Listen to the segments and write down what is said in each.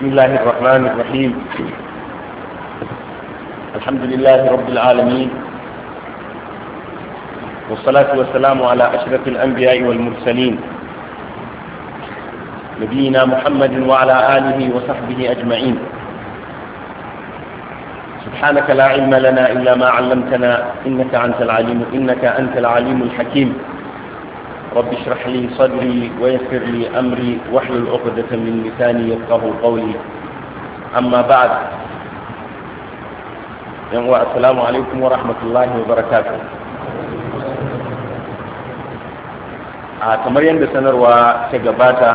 بسم الله الرحمن الرحيم الحمد لله رب العالمين والصلاة والسلام على أشرف الأنبياء والمرسلين نبينا محمد وعلى آله وصحبه أجمعين سبحانك لا علم لنا إلا ما علمتنا إنك أنت العليم إنك أنت العليم الحكيم رب اشرح لي صدري ويسر لي أمري واحلل عقدة من لساني يفقه قولي أما بعد السلام عليكم ورحمة الله وبركاته a kamar yadda sanarwa ta gabata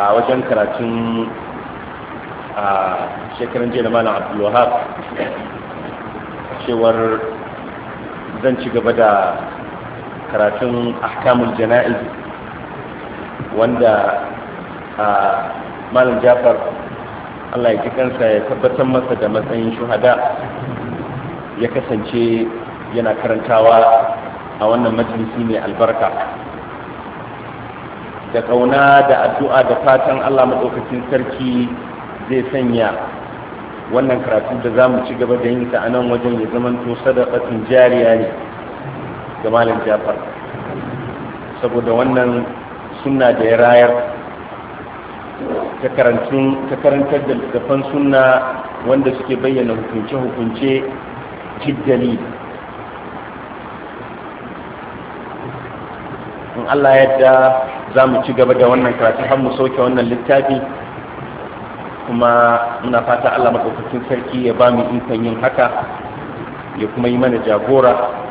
a wajen karatun a shekaran jiya na malam abdulwahab cewar zan ci gaba da karatun ahkamul jana'iz wanda a malam jafar allah ya ji kansa ya tabbatar masa da matsayin shuhada ya kasance yana karantawa a wannan majalisi mai albarka da kauna da addu'a da fatan allah maɗaukacin sarki zai sanya wannan karatu da za mu ci gaba da yin sa a nan wajen ya zamanto sadaqatin jariya ne ga malam jafar saboda wannan sunna da ya rayar ta karantar da littafan sunna wanda suke bayyana hukunce-hukunce jiddali in allah yadda za mu ci gaba da wannan karatu har mu sauke wannan littafi kuma muna fata allah maɗaukakin sarki ya ba mu ikon yin haka ya kuma yi mana jagora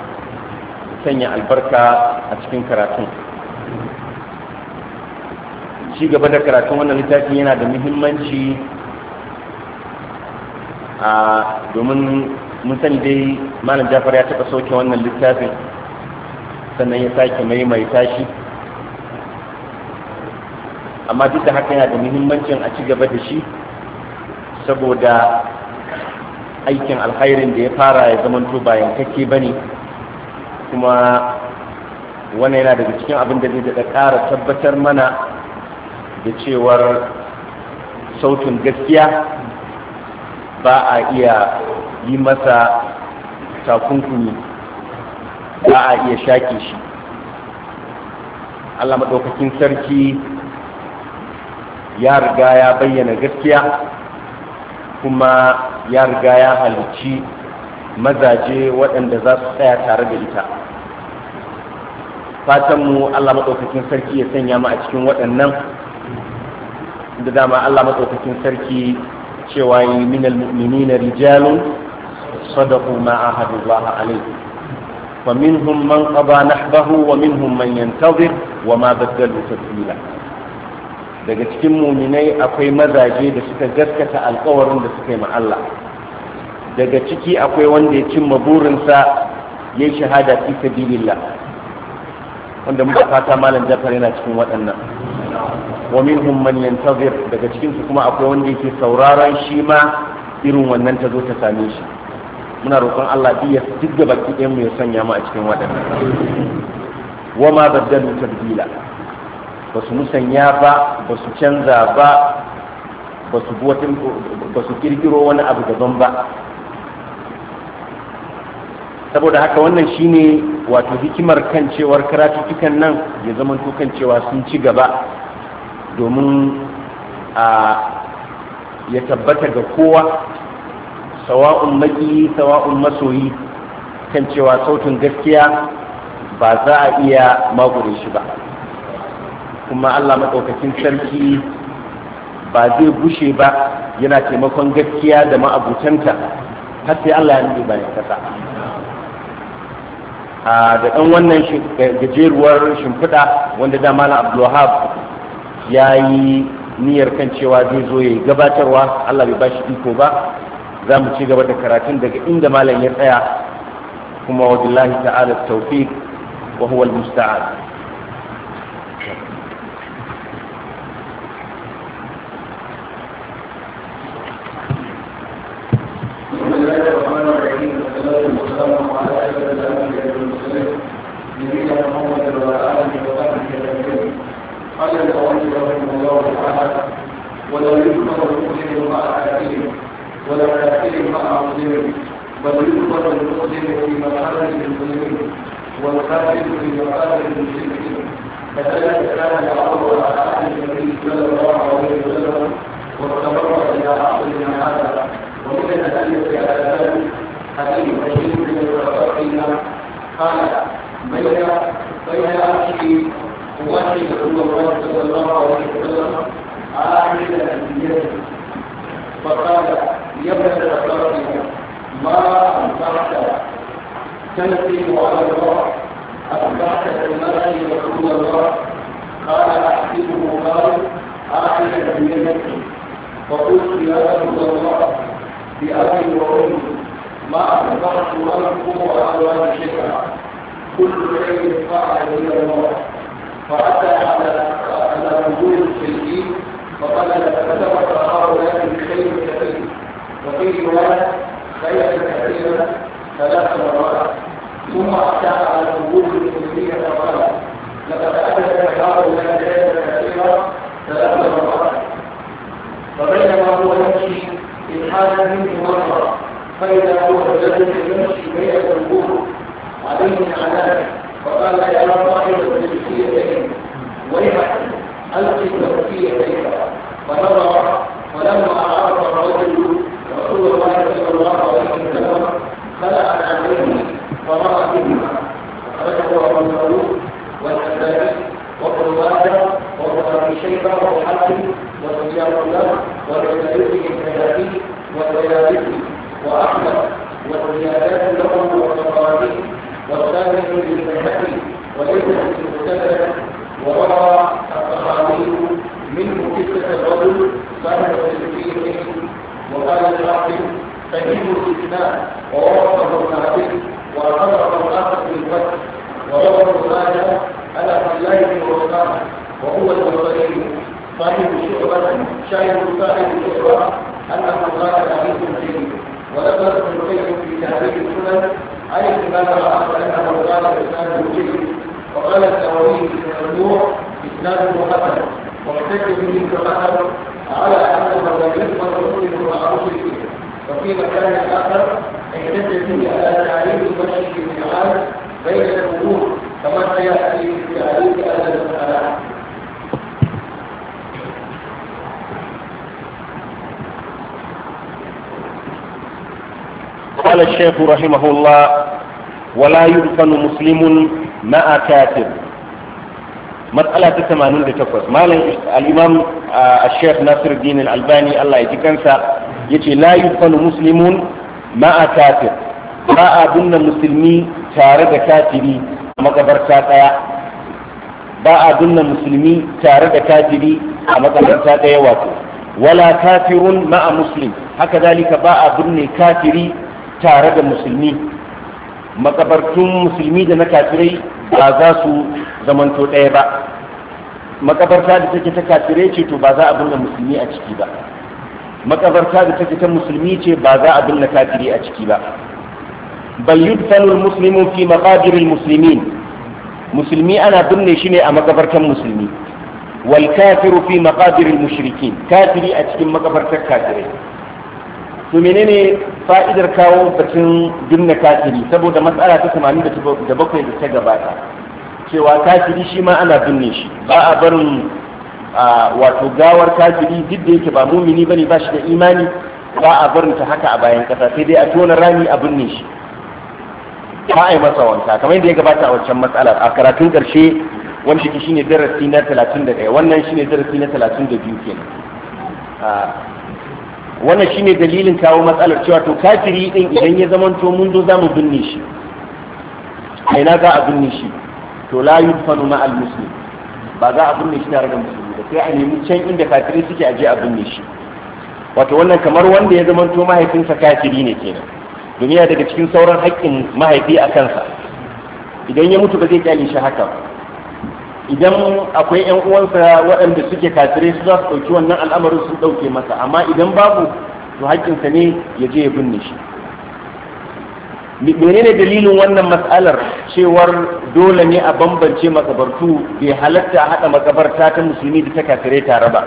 sanya albarka a cikin karatun ci gaba da karatun wannan littafin yana da muhimmanci a domin mun sani dai malam jafar ya taɓa sauke wannan littafin sannan ya sake maimaita shi amma duk da haka yana da muhimmancin a ci gaba da shi saboda aikin alkhairin da ya fara ya zamanto bayan kake bane ne kuma wannan yana daga cikin abin da zai daga ƙara tabbatar mana da cewar sautin gaskiya ba a iya yi masa takunkumi ba a iya shaƙe shi allah maɗaukakin sarki ya riga ya bayyana gaskiya kuma ya riga ya halicci mazaje waɗanda za su tsaya tare da ita fatan mu Allah madaukakin sarki ya sanya mu a cikin waɗannan da dama Allah madaukakin sarki cewa yi minal mu'minina rijalun sadaqu ma a alayhi wa minhum man qada nahbahu wa minhum man yantazir wa ma badalu tabdila daga cikin muminai akwai mazaje da suka gaskata alkawarin da suka yi ma Allah daga ciki akwai wanda ya cimma burinsa ya shahada fi sabilillah wanda muka fata malam jafar yana cikin waɗannan wa minhum man yantazir daga cikin su kuma akwai wanda yake sauraron shi ma irin wannan ta zo ta same shi muna roƙon Allah biya duk da baki ɗayan mu ya sanya mu a cikin waɗannan wa ma baddalu tabdila ba su musanya ba ba su canza ba ba su kirkiro wani abu daban ba saboda haka wannan shine wato hikimar kan cewar karatutukan nan ya zama kan cewa sun ci gaba domin a ya tabbata ga kowa sawa'un maki sawa'un masoyi kan cewa sautin gaskiya ba za a iya magure shi ba kuma allah maɗaukacin sarki ba zai gushe ba yana taimakon gaskiya da ma'abutanta har sai allah ya nuna bayan kasa da ɗan wannan gajeruwar shimfiɗa wanda da malam abdulwahab ya yi niyyar kan cewa zai zo ya gabatarwa allah bai bashi iko ba za mu ci gaba da karatun daga inda malam ya tsaya kuma wajen ta'ala tawfiq wa huwa al وأحمد والزيادات لهم والتقاليد والثالث بالبيهقي وليس بالمتبع وروى التقاليد منه قصة الرجل صاحب التسبيح وقال الحاكم فهم الإسلام ووصفه النافذ وأمره الآخر بالفتح وروى هذا على الله بن وأسامة وهو البصري صاحب شعبة شاهد صاحب شعبة أنه قال عليكم سيدي وذكر ابن القيم في تهذيب السنن عن الامام الاخر انه قال الاسلام يوجد وقال النووي في الممنوع اسلام حسن واحتج به حسن على ان المدارس والرسول المعروف فيه وفي مكان اخر احتج به على تعريف المشي في العام بين الامور كما سياتي في تعريف اهل المساله قال الشيخ رحمه الله ولا يدفن مسلم مع كافر مسألة 88 مالن الإمام الشيخ ناصر الدين الألباني الله يتكنسى يتي لا يدفن مسلم مع كافر ما أبن مسلمي تارد كافري مقبرتا ɗaya ba a dunna musulmi tare da kafiri a makabarta ɗaya wato wala kafirun ma'a muslim haka zalika ba a binne kafiri tare da musulmi makabartun musulmi da na kafirai ba za su zamanto ɗaya ba makabarta da take ta kafirai ce to ba za a binne musulmi a ciki ba makabarta da take ta musulmi ce ba za a binne kafiri a ciki ba bal yudfanu almuslimun fi maqabir almuslimin musulmi ana binne shi ne a makabartan musulmi wal kafiru fi maqabir almushrikin kafiri a cikin makabartar kafirai to menene fa'idar kawo batun binne kafiri saboda matsala ta 87 da bakwai da ta gabata cewa kafiri shi ma ana binne shi ba a barin wato gawar kafiri duk da yake ba mumini bane ba shi da imani ba a barin ta haka a bayan kasa sai dai a tona rami a binne shi ba a yi masa wanka kamar yadda ya gabata a wancan matsalar a karatun karshe wani shi ne darasi na 31 wannan shi ne darasi na 32 kenan wannan shine dalilin kawo matsalar cewa to kafiri din idan ya zamanto mun zo zamu binne shi a ina za a binne shi to la yudfanu ma al muslim ba za a binne shi tare da musulmi ba sai a nemi can inda kafiri suke aje a binne shi wato wannan kamar wanda ya zamanto mahaifinsa kafiri ne kenan duniya daga cikin sauran haƙƙin mahaifi a kansa idan ya mutu ba zai kyale shi haka ba idan akwai yan uwansa waɗanda suke kafire su za su ɗauki wannan al'amarin sun ɗauke masa amma idan babu to haƙƙinsa ne ya je ya binne shi menene dalilin wannan matsalar cewar dole ne a bambance makabartu bai halatta a haɗa makabarta ta musulmi da ta kafire tare ba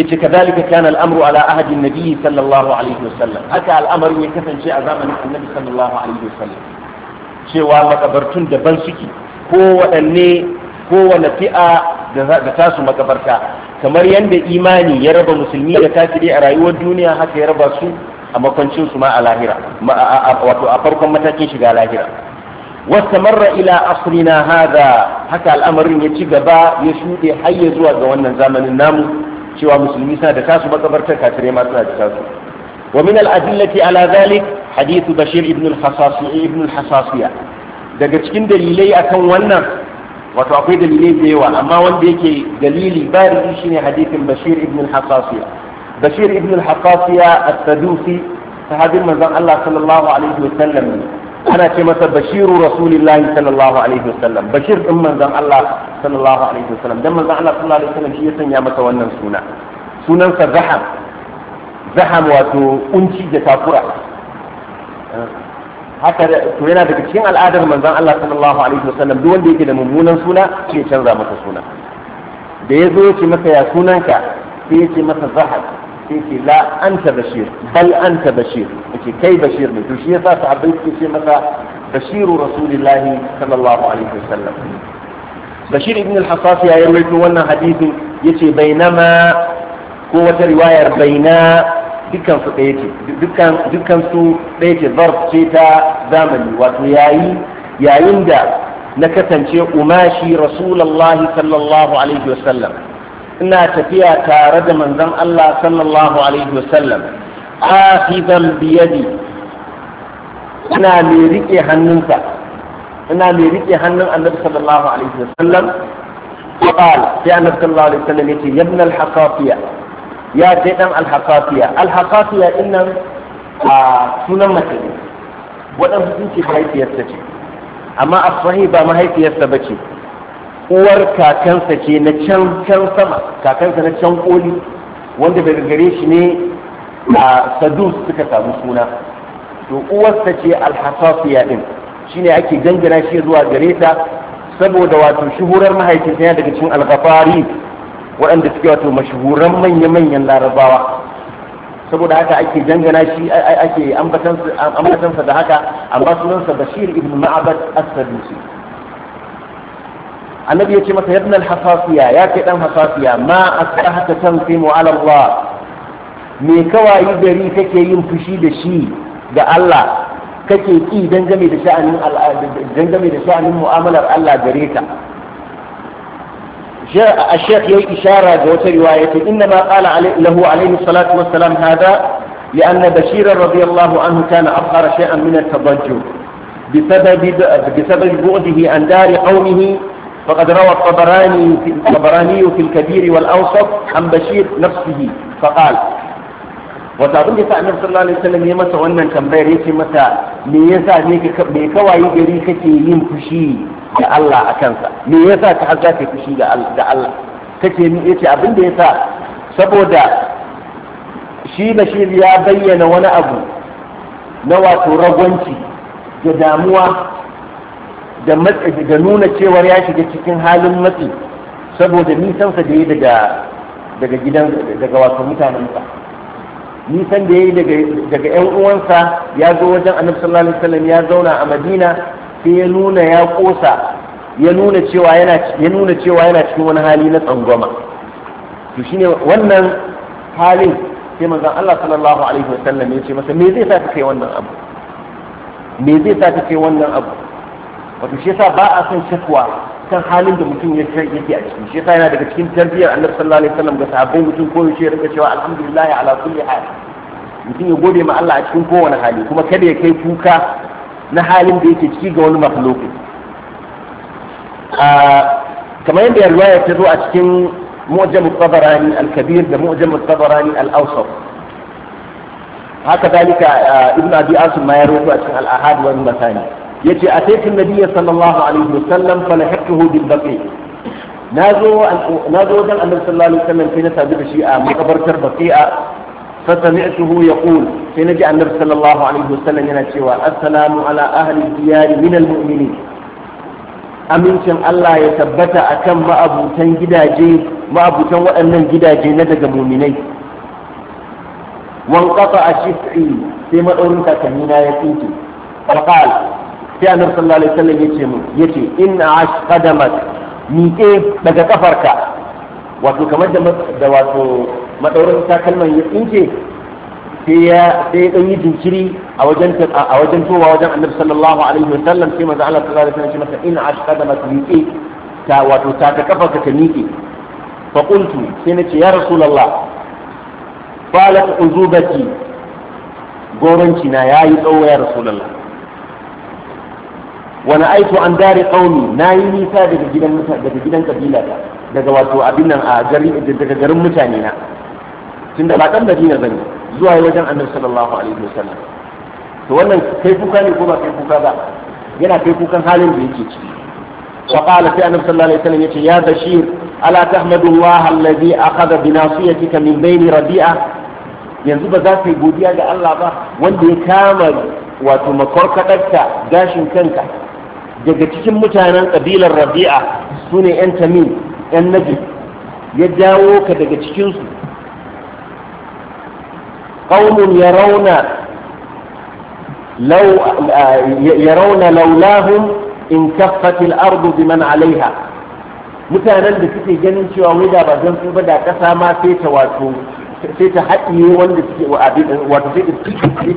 yace kadhalika kana al'amru ala ahadin nabiyyi sallallahu alaihi wasallam haka al'amarin ya kasance a zamanin annabi sallallahu alaihi wasallam cewa makabartun daban suke ko waɗanne kowane fi'a da tasu makabarta kamar yadda imani ya raba musulmi da kafiri a rayuwar duniya haka ya raba su a makwancin su ma a lahira wato a farkon matakin shiga lahira wastamarra ila asrina hada haka al'amarin ya ci gaba ya shuɗe har ya zuwa ga wannan zamanin namu cewa musulmi suna da tasu makabartar kafirai ma suna da tasu wa min al'adillati ala zalik hadithu bashir ibn al-hasasiya daga cikin dalilai akan wannan wato akwai dalilai da yawa amma wanda yake dalili barizi shine hadithin bashir ibn al-hassasiya bashir ibn al-hassasiya as-sadusi sahabin manzon Allah sallallahu alaihi wa sallam ana ce masa bashiru rasulillahi sallallahu alaihi wa sallam bashir din manzon Allah sallallahu alaihi wa sallam dan manzon Allah sallallahu alaihi wa sallam shi ya sanya masa wannan suna sunansa zaham zaham wato kunci da takura haka to yana daga cikin al'adar manzon Allah sallallahu alaihi wasallam duk wanda yake da mummunan suna sai ya canza masa suna da ya zo ya ce masa ya sunanka sai ya ce masa zahar sai ce la anta bashir bal anta bashir yace kai bashir ne to shi yasa sahabbai suke ce masa bashiru rasulillahi sallallahu alaihi wasallam bashir ibn al-hassas ya rawaito wannan hadisin yace bainama ko wata riwayar baina dukkan su ɗaya ce dukkan dukkan su ɗaya ce zarf ce ta zamani wato yayi yayin da na kasance umashi rasulullahi sallallahu alaihi wasallam ina tafiya tare da manzon Allah sallallahu alaihi wasallam akhizan biyadi ina mai rike hannunsa ina mai rike hannun annabi sallallahu alaihi wasallam وقال يا النبي صلى الله عليه وسلم يا ابن الحقافية يا سيدنا الحقافية الحقافية إن سنة مثلي waɗansu sun ce mahaifiyarsa ce amma asfahi ba mahaifiyarsa ba ce uwar kakansa ce na can can sama kakansa na can koli wanda daga gare shi ne a sadus suka samu suna to uwarsa ce alhasafiya din shine ake gangana shi zuwa gare ta saboda wato shuhurar mahaifinsa daga cikin alghafari waɗanda suke wato mashuhuran manya-manyan larabawa saboda haka ake jangana shi ake ambatansa da haka amma sunansa bashir ibn ma'abad as-sadusi annabi ya ce masa yadda al-hasafiya ya kai dan hasafiya ma asbahata tanfimu ala Allah me kawai gari kake yin fushi da shi da Allah kake ki dangane da sha'anin da sha'anin mu'amalar Allah gare ka الشيخ يي إشارة جوة رواية إنما قال عليه له عليه الصلاة والسلام هذا لأن بشيرا رضي الله عنه كان أظهر شيئا من التضجر بسبب بسبب بعده عن دار قومه فقد روى الطبراني في الكبير والأوسط عن بشير نفسه فقال wata abin da sa annabi sallallahu alaihi wasallam ya masa wannan tambayar yace masa me yasa ne ka me kawai gari kake yin fushi da Allah a kansa me yasa ka har zaka fushi da Allah kake ni yace abin da yasa saboda shi Bashir ya bayyana wani abu na wato ragwanci da damuwa da da nuna cewar ya shiga cikin halin matsi saboda nisansa da ya daga gidan daga wato mutanensa nisan da ya yi daga yan uwansa ya zo wajen annabi sallallahu alaihi wasallam ya zauna a madina sai ya nuna ya kosa ya nuna cewa yana ya nuna cewa yana cikin wani hali na tsangwama to shine wannan halin sai manzon Allah sallallahu alaihi wasallam ya ce masa me zai sa kai wannan abu me zai sa kai wannan abu wato shi yasa ba a son shakwa kan halin da mutum ya yake a ciki shi yana daga cikin tarbiyyar annabi sallallahu alaihi wasallam ga sahabbai mutum ko yaushe rika cewa alhamdulillah ala kulli hal mutum ya gode ma Allah a cikin kowane hali kuma kada ya kai kuka na halin da yake ciki ga wani makhluki kamar yadda riwaya ta zo a cikin mu'jam al tabarani al-kabir da mu'jam al tabarani al-awsat haka dalika ibnu abi asim ma ya rawaito a cikin al-ahad wa al-masani yace ataitu nabiyya sallallahu alaihi wasallam falahaqtuhu bil baqi nazo nazo wajen annabi sallallahu alaihi wasallam sai na sadu da shi a makabartar baqi'a فسمعته يقول سنجي النبي صلى الله yana cewa ينشوى ala ahli أهل الديار من المؤمنين amincin Allah ya tabbata akan kan ma'abutan gidaje ma'abutan waɗannan gidaje na daga muminai wan kafa a shifi sai maɗaurin kakannina ya tsinke faƙal sai annabi sallallahu alaihi wasallam yace mu yace inna ash qadamak miƙe daga kafarka wato kamar da da wato madaurin takalman ya tsinke sai ya sai dan yi jinkiri a wajen a wajen towa wajen annabi sallallahu alaihi wasallam sai manzo Allah sallallahu alaihi wasallam ya ce masa inna ash qadamak miƙe ta wato ta ka kafarka ta miƙe fa qultu sai nace ya rasulullah falat uzubati goranci na yayi tsawo ya rasulullah wa na'aitu an dari qaumi nayi nisa daga gidan mutane daga gidan kabila ta daga wato abin nan a gari daga garin mutane na tunda ba dan Madina bane zuwa wajen Annabi sallallahu alaihi wasallam to wannan kai kuka ne ko ba kai kuka ba yana kai kukan halin da yake ciki wa qala fi annabi sallallahu alaihi wasallam yace ya bashir ala tahmadu allah alladhi akhadha bi nasiyatika min bayni rabi'a yanzu ba za ka yi godiya ga Allah ba wanda ya kama wato makarkadarka gashin kanka daga cikin mutanen ƙabilar rabi'a sune ne 'yan tamim 'yan naji, ya jawo ka daga cikinsu ƙaunin ya rauna laulahun in kaffatil ardu biman alaiha mutanen da suke ganin cewa wai da ba su ba da ƙasa ma sai ta wato sai ta haɗiye wanda suke wato sai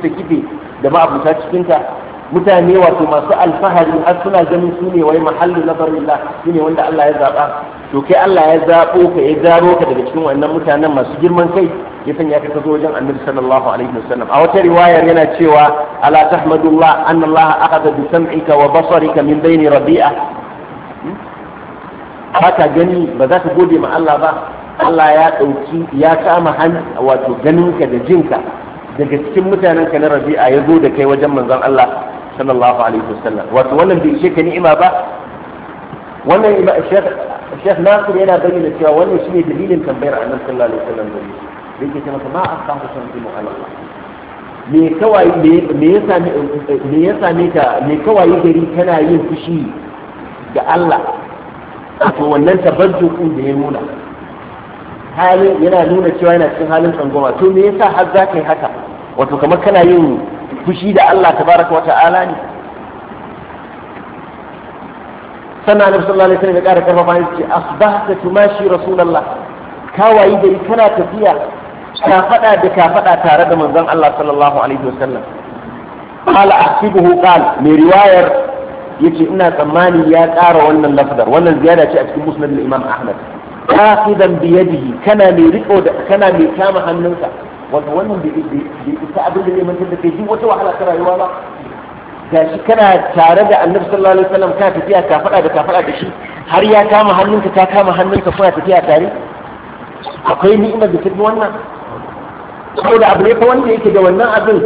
ta kife da ma'abuta cikinta mutane wato masu alfahari har suna ganin su ne wai mahallu na barilla su ne wanda Allah ya zaɓa to kai Allah ya zaɓo ka ya zaro ka daga cikin wannan mutanen masu girman kai ya sanya ka ka zo wajen annabi sallallahu alaihi wasallam a wata riwayar yana cewa ala tahmadullah anna Allah akhadha bi sam'ika wa basarika min bayni rabi'a haka hmm? gani ba za ka gode ma Allah ba Allah ya ɗauki ya kama hannu wato ganinka da jinka daga cikin ka na rabi'a ya zo da kai wajen manzon Allah sallallahu alaihi wasallam wato wannan bai ishe ka ni'ima ba wannan shekh nasir yana bayyana cewa wannan shine dalilin tambayar annabi sallallahu alaihi wasallam da yake ce masa ma asahu sanzimu ala Allah me kawai me ya same me ya sami ka me kawai gari kana yin fushi ga Allah to wannan tabajjuku da ya nuna halin yana nuna cewa yana cikin halin tsangwama to me yasa har za ka yi haka wato kamar kana yin fushi da Allah tabaraka wa ta'ala ne sannan annabi sallallahu alaihi wasallam ya ƙara karfafa ya ce asbahta tumashi rasulullah ka da gari kana tafiya ka da ka tare da manzon Allah sallallahu alaihi wasallam qala ahsibuhu qal mai riwayar yace ina tsammani ya ƙara wannan lafdar wannan ziyara ce a cikin musnad al-imam ahmad aqidan bi yadihi kana mai riko da kana mai kama hannunka. wato wannan bai isa abin da zai mantar da kai ji wata wahala ta rayuwa ba gashi kana tare da annabi sallallahu alaihi wasallam kana tafiya ka fada da ka fada da shi har ya kama hannunka ta kama hannunka kuna tafiya tare akwai ni'imar da tafi wannan saboda abu ne fa wanda yake da wannan abin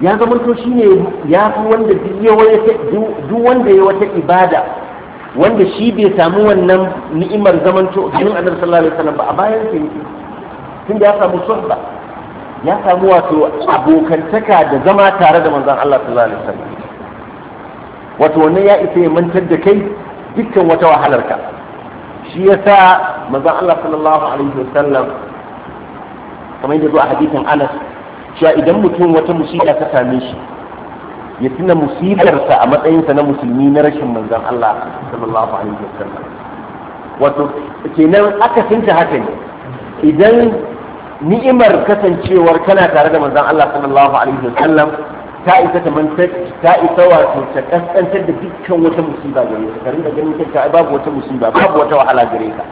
ya zama to shine ya fi wanda duk wanda ya wata ibada wanda shi bai samu wannan ni'imar zamanto ganin annabi sallallahu alaihi wasallam ba a bayan sai tun da ya samu suhba ya samu wato abokantaka da zama tare da manzan Allah sallallahu alaihi wasallam wato wannan ya isa ya mantar da kai dukkan wata wahalar ka shi sa manzan Allah sallallahu alaihi wasallam kamar yadda zuwa hadithin Anas cewa idan mutum wata musiba ta same shi ya tuna musibarsa a matsayinsa na musulmi na rashin manzan Allah sallallahu alaihi wasallam wato kenan aka tunta haka ne idan ni'imar kasancewar kana tare da manzon Allah sallallahu alaihi wasallam ta isa ta manta ta isa wato ta kaskantar da dukkan wata musiba gare ka karin da ganin kanka babu wata musiba babu wata wahala gare ka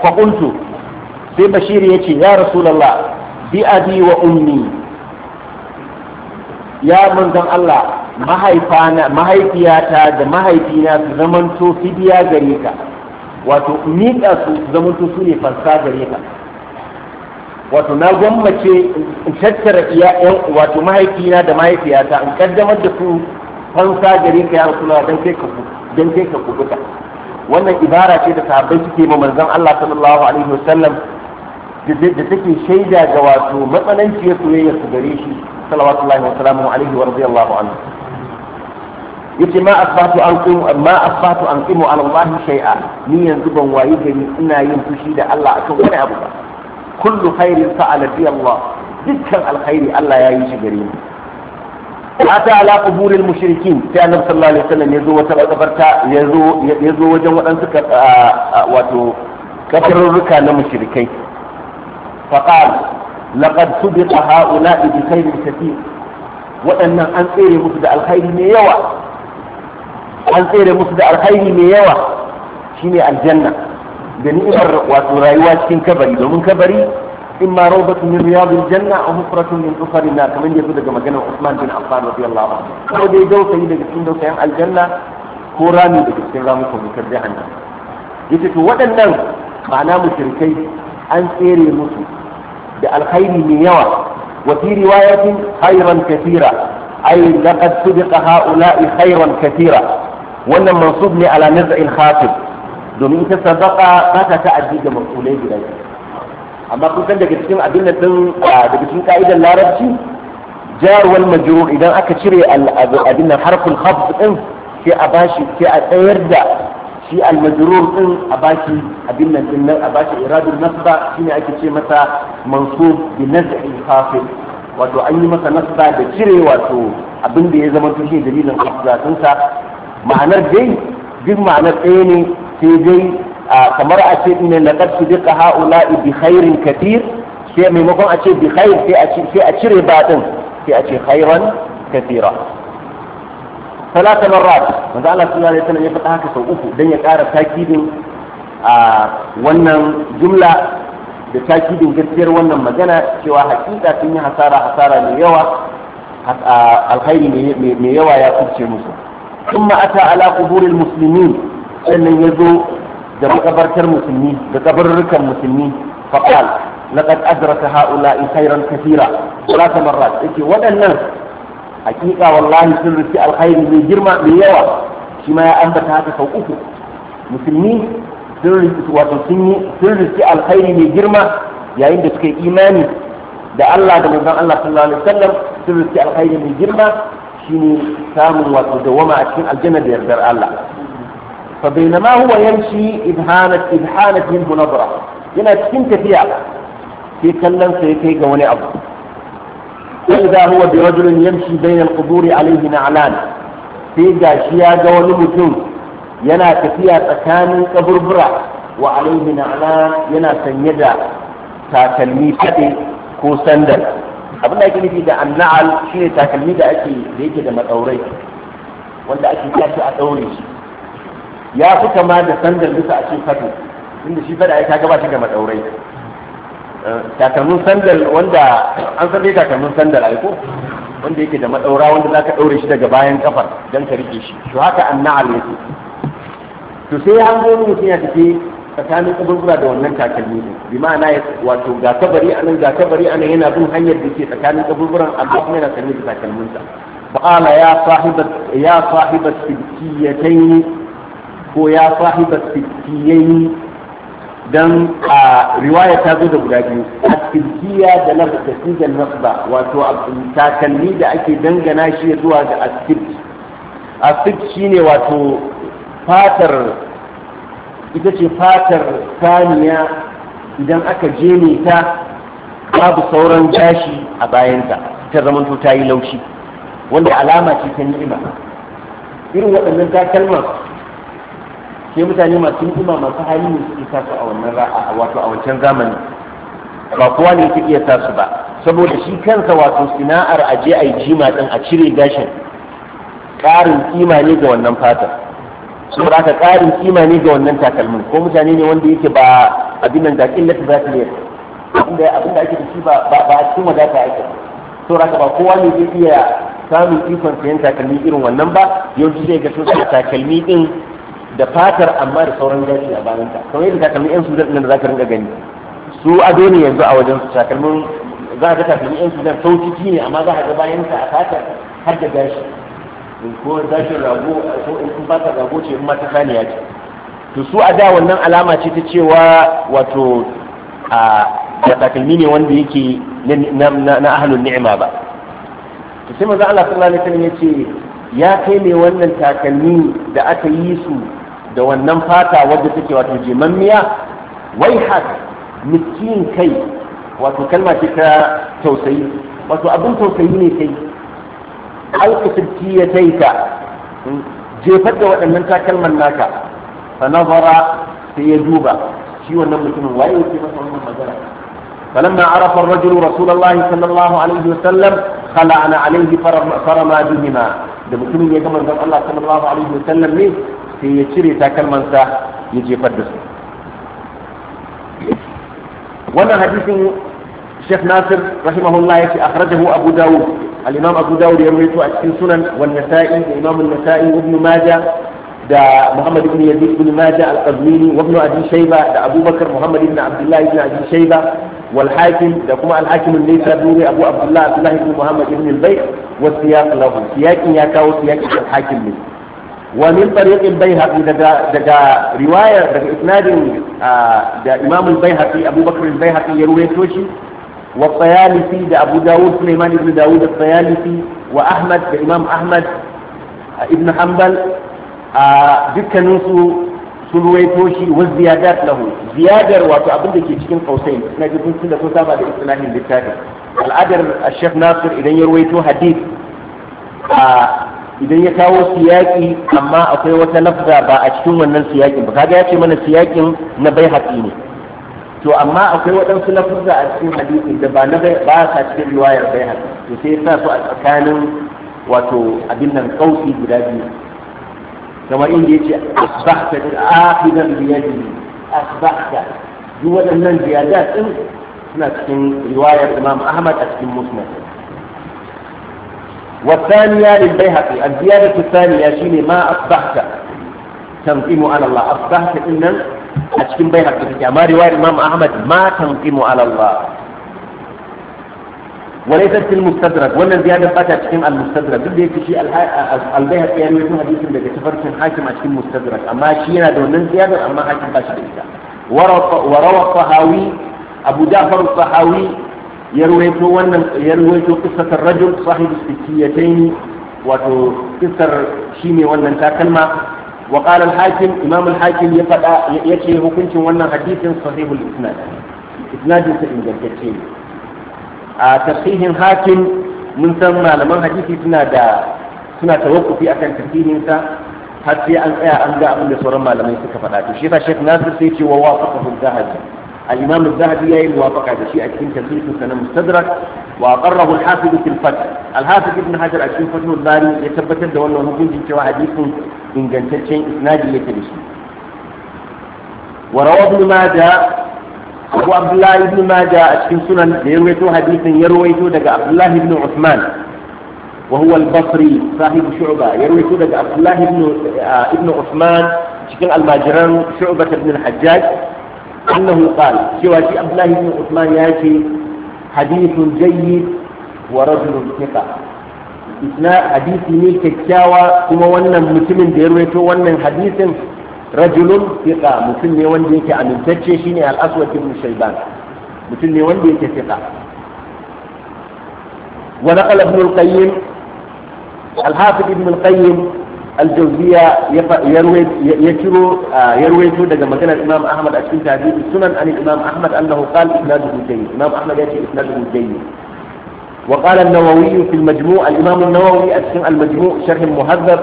fa qultu sai bashir yace ya rasulullah bi abi wa ummi ya manzon Allah mahaifana mahaifiyata da mahaifina su zamanto fidiya gare ka wato miƙa su zamanto su ne fansa gare ka wato na gwammace in tattara iyayen wato mahaifina da mahaifiyata in kaddamar da su fansa gare ka ya rasulullahi dan kai ka dan kai ka kubuta wannan ibara ce da sahabbai suke ma manzon Allah sallallahu alaihi wasallam da take shaida ga wato matsananciyar soyayya su gare shi sallallahu alaihi wa sallam alaihi wa radiyallahu anhu yace ma asfatu an qimu ma asfatu an qimu ala Allah shay'a ni yanzu ban wayi gari ina yin fushi da Allah akan wani abu ba kullu khairin fa'ala bi Allah dukkan alkhairi Allah ya yi shi gare ni ata ala quburil mushrikin sai annabi sallallahu alaihi wasallam yazo wata kabarta yazo yazo wajen wadansu wato kafarruka na mushrikai faqal laqad subiqa ha'ula'i bi khairin kathir waɗannan an tsere musu da alkhairi mai yawa an tsere musu da alkhairi mai yawa shine aljanna da ni'imar wato rayuwa cikin kabari domin kabari in ma rawdatu min riyadil janna aw hufratun min hufarin nar kamar yadda daga maganar Usman bin Affan radiyallahu anhu ko dai dauka yi daga cikin dausayin aljanna ko rami daga cikin ramukan wutar jahannam yace to waɗannan ma'ana mushrikai an tsere musu da alkhairi mai yawa wa fi riwayatin khairan kathira ay laqad sabaqa ha'ula'i khairan katira. wannan mansub ne ala naz'il khatib domin ita sadaqa ba ta ta'addi ga maf'ulai guda amma kun san daga cikin abin din daga cikin ka'idar larabci jar wal majrur idan aka cire abin nan harful khafd din sai a bashi sai a tsayar da shi al majrur din a bashi abin nan din nan a bashi iradul nasba shine ake ce masa mansub bi naz'il khatib wato an yi masa nasba da cire wato abin da ya zama tushe dalilin kafzatunsa ma'anar dai duk ma'anar ɗaya ne sai dai kamar a ce ne laqad duka haula bi khairin katir sai maimakon a ce bi khair sai a cire ba din sai a ce khairan katira ثلاث مرات manzo Allah sallallahu alaihi wasallam ya faɗa haka sau uku dan ya ƙara takidin a wannan jumla da takidin gaskiyar wannan magana cewa hakika sun yi hasara hasara mai yawa alkhairi mai yawa ya kuce musu ثم أتى على قبور المسلمين أن يزو da makabartar musulmi da kabarrukan musulmi faqal laqad adraka haula'i khairan kathira salata marrat yake waɗannan haƙiƙa wallahi sun rufi alkhairi mai girma mai yawa ya haka musulmi yi alkhairi mai girma yayin da suka yi imani da Allah da manzon Allah sallallahu alaihi wasallam sun alkhairi mai girma shine samun wato dawama a cikin aljanna da yardar Allah fa bainama huwa yamshi ibhanat ibhanat nadra yana cikin tafiya sai kallon sa kai ga wani abu idza huwa bi rajulin yamshi bayna al-qubur alayhi na'lan sai gashi ya ga wani mutum yana tafiya tsakanin kaburbura wa alayhi na'lan yana sanye da takalmi fade ko sandal abin da ake nufi da shi ne takalmi da ake da yake da matsaurai wanda ake tashi a daure shi ya fi kama da sandal bisa a cikin fado inda shi fada ya gaba shi da matsaurai eh, takalmin sandal wanda an san dai takalmin sandal ai ko wanda yake da madaura wanda za ka daure shi daga bayan kafar don ka rike shi to haka anna'al yake to sai an zo mutum ya tafi tsakanin kaburbura da wannan takalmi din bi ma'ana wato ga kabari anan ga kabari nan yana bin hanyar da ke tsakanin kaburburan amma kuma yana sanye da takalminsa fa'ala ya sahibat ya sahibat sittiyatayn ko ya sahibat sittiyayn dan a riwaya ta zo da guda biyu asibtiya da lafza da nasba wato takalmi da ake dangana shi zuwa ga asibt asibt shine wato fatar ita ce fatar saniya idan aka jene ta babu sauran gashi a bayanta ta zama ta yi laushi wanda alama ce ta ni'ima irin waɗannan takalma sai mutane masu ni'ima masu hali ne suke sa su a wannan ra'a wato a wancan zamani ba kowa ne yake iya sa ba saboda shi kansa wato sina'ar aje a yi jima ɗin a cire gashin ƙarin kima ne ga wannan fatar saboda aka ƙarin imani ga wannan takalmin ko mutane ne wanda yake ba abin nan da killata za ta yi abin da ake da shi ba a cikin ta ake saboda haka ba kowa ne zai iya samun ikon sayan takalmi irin wannan ba yawanci zai ga sun takalmi din da fatar amma da sauran gashi a bayan ta kamar yadda takalmin yan sudan nan da za ka ringa gani su ado ne yanzu a wajen su takalmin za ka ga takalmin yan sudan sau ne amma za ka ga bayan ta a fatar har da gashi In ko gashin rago ko in ba ka rago ce in ma ta saniya ce to su a da wannan alama ce ta cewa wato a da takalmi ne wanda yake na ahlul nima ba to sai manzo Allah sallallahu alaihi wasallam yace ya kai ne wannan takalmi da aka yi su da wannan fata wadda take wato jimammiya wai hak miskin kai wato kalma ce ta tausayi wato abin tausayi ne kai alƙasar kiyya ta yi ta jefar da waɗannan takalman naka fa nazara sai ya duba shi wannan mutumin waye yake masa wannan magana فلما عرف الرجل رسول الله صلى الله عليه وسلم خلع عليه فرما بهما لمكن يقول من الله صلى الله عليه وسلم لي في يشري تاكل من يجي قدس وانا حديث Sheikh Nasir rahimahullah ya akhrajahu Abu Dawud al-Imam Abu Dawud ya rawaito a cikin sunan wal Nasa'i da Imam an-Nasa'i ibn Majah da Muhammad ibn Yazid ibn Majah al-Qazwini wa ibn Abi da Abu Bakar Muhammad ibn Abdullah ibn da kuma al-Hakim an Abu Abdullah Abdullah ibn Muhammad ibn al-Bayt wa siyaq ya kawo siyaqin al-Hakim ne wa min tariq al-Baihaqi daga daga riwaya daga isnadin ah, da Imam al-Baihaqi ya rawaito shi والطيالسي da أبو داود سليمان بن داود الطيالسي وأحمد ده إمام أحمد ابن حنبل dukkaninsu sun ruwaito shi wa ziyadat lahu ziyadar wato abin da ke cikin kausain na ji sun da sun saba da islamin littafi al'adar shek nasir idan ya ruwaito hadith idan ya kawo siyaki amma akwai wata lafza ba a cikin wannan siyakin ba kaga ya ce mana siyakin na bai ne to amma akwai waɗansu lafuzza a cikin hadisi da ba na ba sa cikin riwayar bai to sai ya sa su a tsakanin wato abin nan kausi guda biyu kamar inda yace asbahta aqidan bi yadihi asbahta duk waɗannan ziyadat din suna cikin riwayar Imam Ahmad a cikin Musnad والثانية ta Saniya الثانية شيني ما أصبحت تنقيم على الله أصبحت nan. a cikin bai haƙƙi take amma riwayar imam ahmad ma tanqimu ala allah walai ta cikin mustadrak wannan ziyadar bata cikin al-mustadrak duk da yake shi al-bayhaqi ya rawaito hadisin daga tafarkin hakim a cikin mustadrak amma shi yana da wannan ziyadar amma hakim ba shi da ita وروى الطهاوي wannan جعفر الطهاوي يروي يروي قصة الرجل صاحب السكيتين وقصة شيمي ونن تاكلمة wa al-hakim imam al-hakim ya fada yace hukuncin wannan hadisin sahihul isnad isnadin sa ingantacce ne a tafsirin hakim mun san malaman hadisi suna ta suna akan tafsirin sa har sai an tsaya an ga abin da sauran malamai suka faɗa to shi yasa Sheikh Nasir sai ce wa wafaqahu a zahabi الإمام الذهبي يوافق هذا الشيء أكيد تلخيص سنة مستدرك وأقره الحافظ في الفتح الحافظ ابن حجر أكيد فتح الباري يثبت ده والله ممكن جنتوا حديث إن جنتشين إسنادي يتلش وروى ابن ماجه أبو عبد الله ابن ماجه أكيد سنن يرويته حديث يرويته ده عبد الله بن عثمان وهو البصري صاحب شعبة يرويته ده عبد الله بن آه، ابن عثمان شكل الماجران شعبة بن الحجاج annahu qala cewa shi Abdullahi Usman ya ce hadithun jayyid wa rajulun thiqa isna hadisi ne kyakkyawa kuma wannan mutumin da ya rawaito wannan hadisin rajulun thiqa mutum ne wanda yake amintacce shine al-aswad mutum ne wanda الجوزية يروي يشرو آه، يروي دجا مكان الإمام أحمد أشكين تعديل السنن عن الإمام أحمد أنه قال إسناده جيد الإمام أحمد يأتي إسناده جيد وقال النووي في المجموع الإمام النووي أشكين المجموع شرح مهذب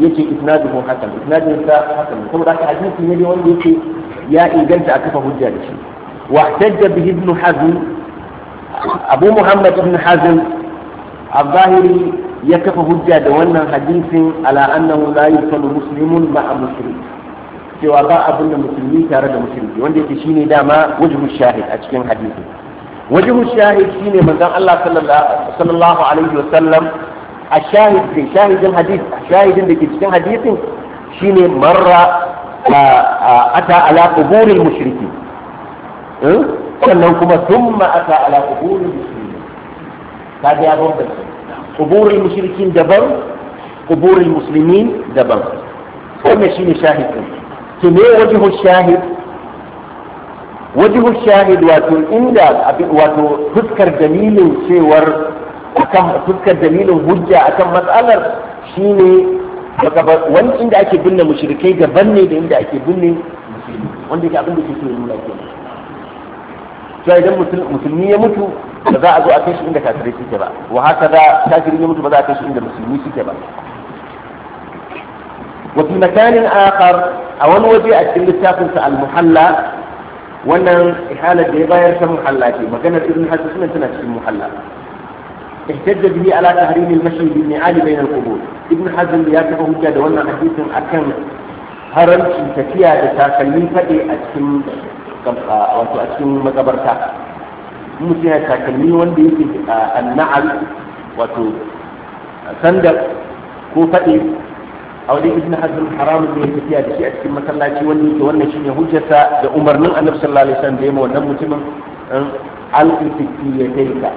يأتي إسناده حسن إسناده حسن ثم ذاك حديث يلي وندي يأتي يا إيجنت أكفه الجالس واحتج به ابن حزم أبو محمد بن حزم الظاهري ya kafa hujja da wannan hadisin ala annahu la yusallu muslimun ma'a muslim cewa ba abin da musulmi tare da musulmi wanda yake shine dama wajhu shahid a cikin hadisin wajhu shahid shine manzon Allah sallallahu alaihi wasallam a shahid din shahidin hadis shahidin da ke cikin hadisin shine marra ata ala quburil mushriki hmm? sannan kuma thumma ata ala quburil muslimin kaga ya bambanta kuburin mushrikin daban kuburin musulmin daban wannan shine shahid din to me wajhu shahid wato inda wato fuskar dalilin cewar akan dalilin hujja akan matsalar shine wani inda ake binne mushrikai daban ne da inda ake binne musulmi wanda yake abin da ke nuna kenan sai idan musulmi ya mutu وهكذا كاتري يمد بدا أكيش عند مسلمي سيكبا وفي مكان آخر أول وجه أكيش لساقن سأل محلى وأن إحالة ديغاير كمحلى وكان ابن حسن سنة في المحلى احتج به على تحريم المشي بالنعال بين القبور ابن حزم ياتي هو وانا حديث اكن هرم في تكيا دتا كلمه ايه اكن كم اكن مكبرتا mutum ya takalmi wanda yake anna'al wato sanda ko faɗi a wajen ibn hazm haramun ne tafiya da shi a cikin masallaci wanda yake wannan shine hujjarsa da umarnin annabi sallallahu alaihi wasallam da yayin wannan mutumin alqi fi yadayka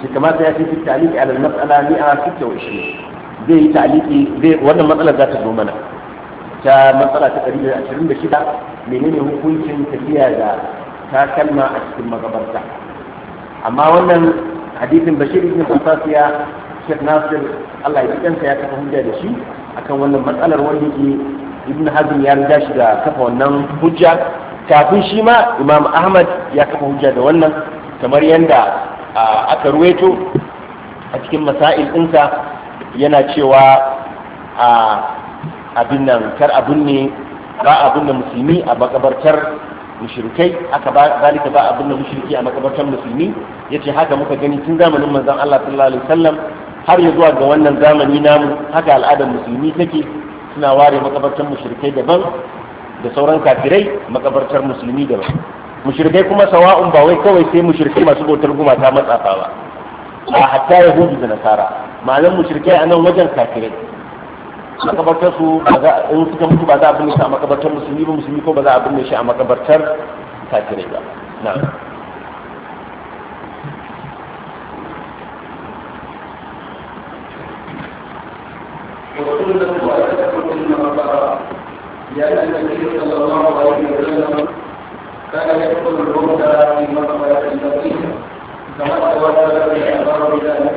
shi kamata ya ce fi ta'liqi ala al-mas'ala ni a 26 zai yi ta'liqi zai wannan matsalar za ta zo mana ta matsala ta 126 menene hukuncin tafiya da takalma a cikin magabarta amma wannan hadisin bashir ibn fasasiya shek nasir allah ya kansa ya kafa hujja da shi akan wannan matsalar wanda ke ibn hazm ya riga shi da kafa wannan hujja kafin shi ma imam ahmad ya kafa hujja da wannan kamar yadda aka ruwaito a cikin masail ɗinsa yana cewa a abin nan kar abin ne ba abin da musulmi a makabartar mushrikai aka ba zalika ba abin da mushriki a makabartan musulmi yace haka muka gani tun zamanin manzon Allah sallallahu alaihi wasallam har ya zuwa ga wannan zamani namu haka al'adar musulmi take suna ware makabartan mushrikai daban da sauran kafirai makabartar musulmi daban mushrikai kuma sawa'un ba wai kawai sai mushirki masu bautar gumata matsafa ba a hatta yahudu da nasara ma'anar mushrikai a nan wajen kafirai makabartar su in suka mutu ba za a binne shi a makabartar musulmi ba musulmi ko ba za a binne shi a makabartar kafirai ba na لأن النبي صلى الله عليه وسلم كان يدخل الروم في مقبرة النبي كما تواتر في أخبار ذلك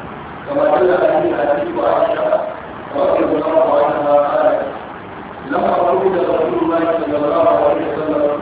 كما دل عليه حديث عائشة رضي الله عنها قالت لما ولد رسول الله صلى الله عليه وسلم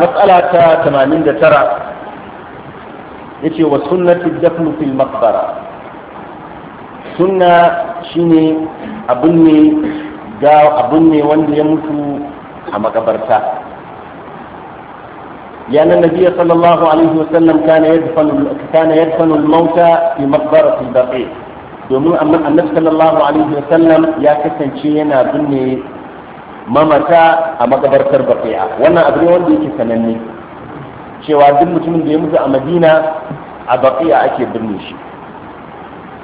matsala ta 89 yace wa sunnati dafn fil maqbara sunna shine abun ne ga abun ne wanda ya mutu a makabarta لأن النبي صلى الله عليه وسلم كان يدفن كان mauta الموت في مقبرة البقيع domin annabi sallallahu alaihi wa sallam ya kasance yana binne mamata a makabartar baqi'a wannan abu ne wanda yake sananne cewa duk mutumin da ya mutu a madina a baqi'a ake binne shi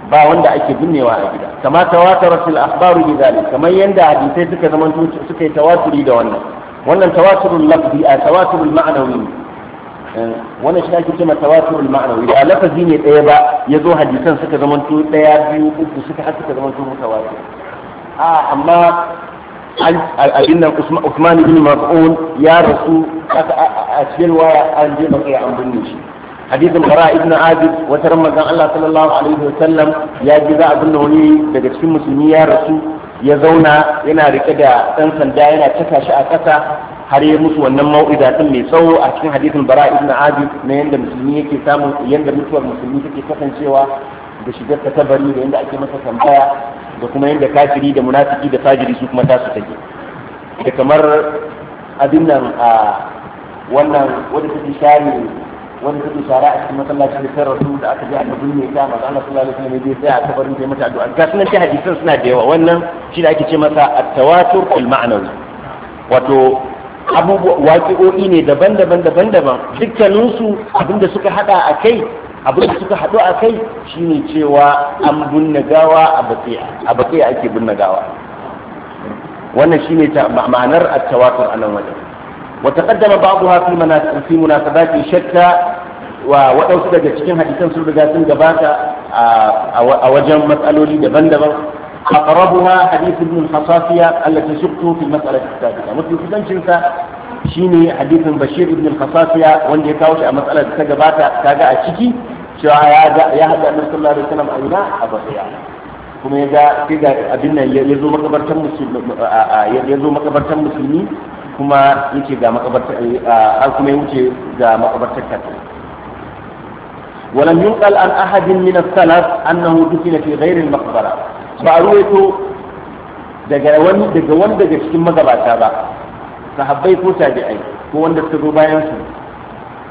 ba wanda ake binnewa a gida kama tawatar al akhbaru bi zalik kamar yanda hadisai suka zama suka yi tawaturi da wannan wannan tawaturul lafzi a tawaturul ma'nawi eh, wannan shi ake cewa tawaturul ma'nawi da lafazi ne ɗaya ba yazo hadisan suka zama to daya biyu uku suka har suka zama to mutawatir a ah, amma abin nan Usman ibn Mas'ud ya rasu a cikin waya an je matsaya an binne shi hadithin bara ibn Azib wata ramazan Allah sallallahu alaihi wa ya ji za a binne wani daga cikin musulmi ya rasu ya zauna yana rike da dan sanda yana caka shi a kasa har ya musu wannan mau'iza din mai tsawo a cikin hadithin bara ibn Azib na yanda musulmi yake samun yanda mutuwar musulmi take kasancewa da shigar ta tabari da yanda ake masa tambaya da kuma yadda kafiri da munafiki da fajiri su kuma tasu take da kamar abin nan a wannan wanda take share wanda take shara a cikin masallacin da sayar rasu da aka ji annabi ne ta manzo Allah sallallahu alaihi wasallam ne sai a kabarin da mata addu'a ga sunan shi hadisan suna da yawa wannan shi da ake ce masa at-tawatur al-ma'nawi wato abubuwa waƙi'o'i ne daban-daban daban-daban dukkaninsu abinda suka hada a kai abin da suka haɗu a kai shine cewa an binne gawa a bakiya a ake binne gawa wannan shine ma'anar at-tawatur anan wajen wa taqaddama ba'daha fi manasib fi munasabati shatta wa waɗansu daga cikin hadisan sun riga sun gabata a wajen matsaloli daban-daban أقربها حديث ابن الخصافية التي شقته في المسألة السابقة مثل في wanda ya kawo shi a الخصافية وانجي كاوش مسألة تجبات a ciki. cewa ya haɗa annabi sallallahu alaihi wasallam a ina a bahiya kuma ya ga sai ga abin nan ya zo makabartan musulmi ya zo makabartan musulmi kuma yake ga makabartar a kuma ya wuce ga makabartar kafin ولم ينقل عن أحد من السلف أنه دفن في غير المقبرة فأرويته daga wani daga wanda daga cikin magabata ba sahabbai ko tabi'ai ko wanda suka zo bayan su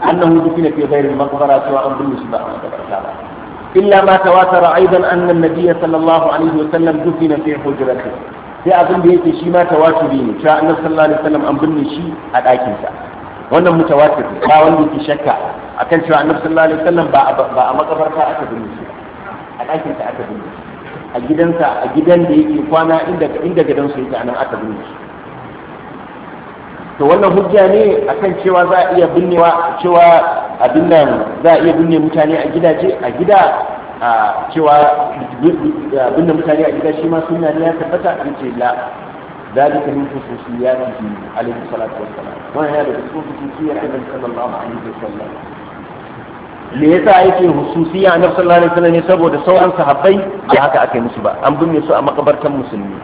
أنه دفن في غير المقبرة سواء كل سبحانه وتعالى إلا ما تواتر أيضا أن النبي صلى الله عليه وسلم دفن في حجرته في أظن به شيء ما تواتر به شاء أن صلى الله عليه وسلم أن بني شيء هذا أكيد وأنا متواتر لا وأنا في شك أكن شاء أن صلى الله عليه وسلم بعد مقبرة أكيد بني شيء هذا أكيد أكيد من شيء أجدنا أجدنا دي إخوانا عندك عندك دنسوا يعني أكيد بني شيء to wannan hujja ne akan cewa za a iya binnewa cewa abin nan za a iya binne mutane a gidaje a gida a cewa binne mutane a gida shi ma sunna ne ya tabbata an ce la ذلك من خصوصياته عليه الصلاة والسلام وهي بخصوص خصوصية النبي صلى الله عليه وسلم me yasa yake hususiya annabi sallallahu alaihi wasallam ne saboda sauran sahabbai Ba haka aka yi musu ba an binne su a makabartan musulmi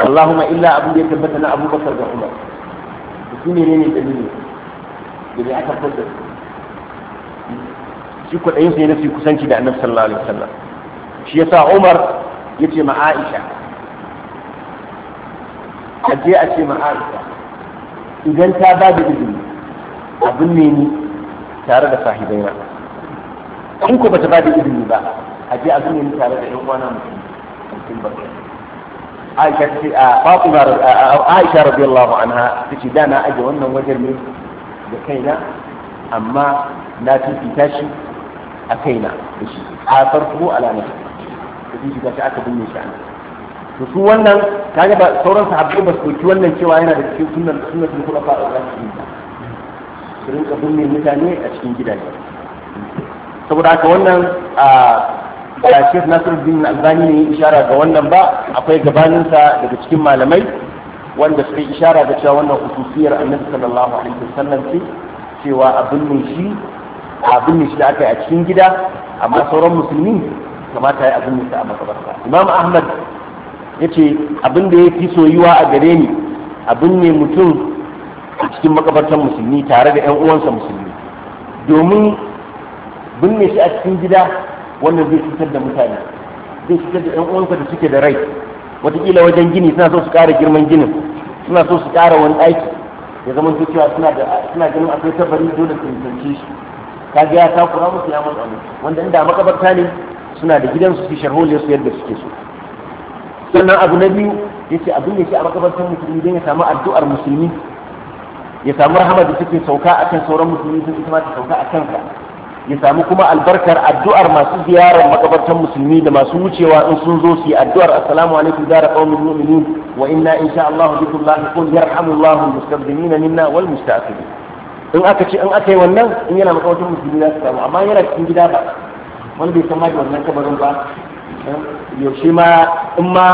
Allahumma illa abin ya tabbata na Abubakar da Umar su menene dalili da bai aka fadda shi kwaɗayin sai na fi kusanci da annabi sallallahu alaihi wasallam shi yasa Umar yace ma Aisha aje a ce ma Aisha idan ta ba da izini a binne ni tare da sahibaina in ko bata ba da izini ba aje a binne ni tare da ƴan uwana mutum mutum ba aisha ta ce a fatima aisha radiyallahu anha ta ce da na aje wannan wajen ne da kaina amma na fifita shi a kaina da shi a farko ala na ta fifita shi aka binne shi ana to su wannan kaga ba sauran sahabbai ba su dauki wannan cewa yana da cikin sunnar sunnatul khulafa ar-rashidin su rinka binne mutane a cikin gidaje saboda haka wannan a ba Sheikh Nasiruddin Albani ne ya ishara ga wannan ba akwai gabaninsa daga cikin malamai wanda suka yi ishara da cewa wannan hususiyar Annabi sallallahu alaihi wasallam ce cewa abin ne shi abin ne shi da aka yi a cikin gida amma sauran musulmi kamata ya abin ne a makabarta Imam Ahmad ya ce abin da ya fi soyuwa a gare ni abin ne mutum a cikin makabartar musulmi tare da 'yan uwansa musulmi domin binne shi a cikin gida wannan zai cutar da mutane zai cutar da yan uwansa da suke da rai wataƙila wajen gini suna so su ƙara girman ginin suna so su ƙara wani ɗaki ya zama su cewa suna da suna ganin akwai tabbari, dole su rinsanci shi ka ga ya takura musu ya musu abu wanda inda makabarta ne suna da gidansu su sharholiyar su yadda suke so sannan abu na biyu ya ce abin da shi a makabartar musulmi don ya samu addu'ar musulmi ya samu rahama da suke sauka a kan sauran musulmi sun ita ma ta sauka a kansa ya samu kuma albarkar addu'ar masu ziyarar makabartan musulmi da masu wucewa in sun zo su yi addu'ar assalamu alaikum dara qaumul mu'minin wa inna insha Allah bikum lahiqun yarhamullahu almustaqdimin minna wal musta'akhirin in aka ce in aka yi wannan in yana makabartan musulmi za su samu amma yana cikin gida ba wani bai san ma da wannan kabarin ba eh, yaushe ma in ma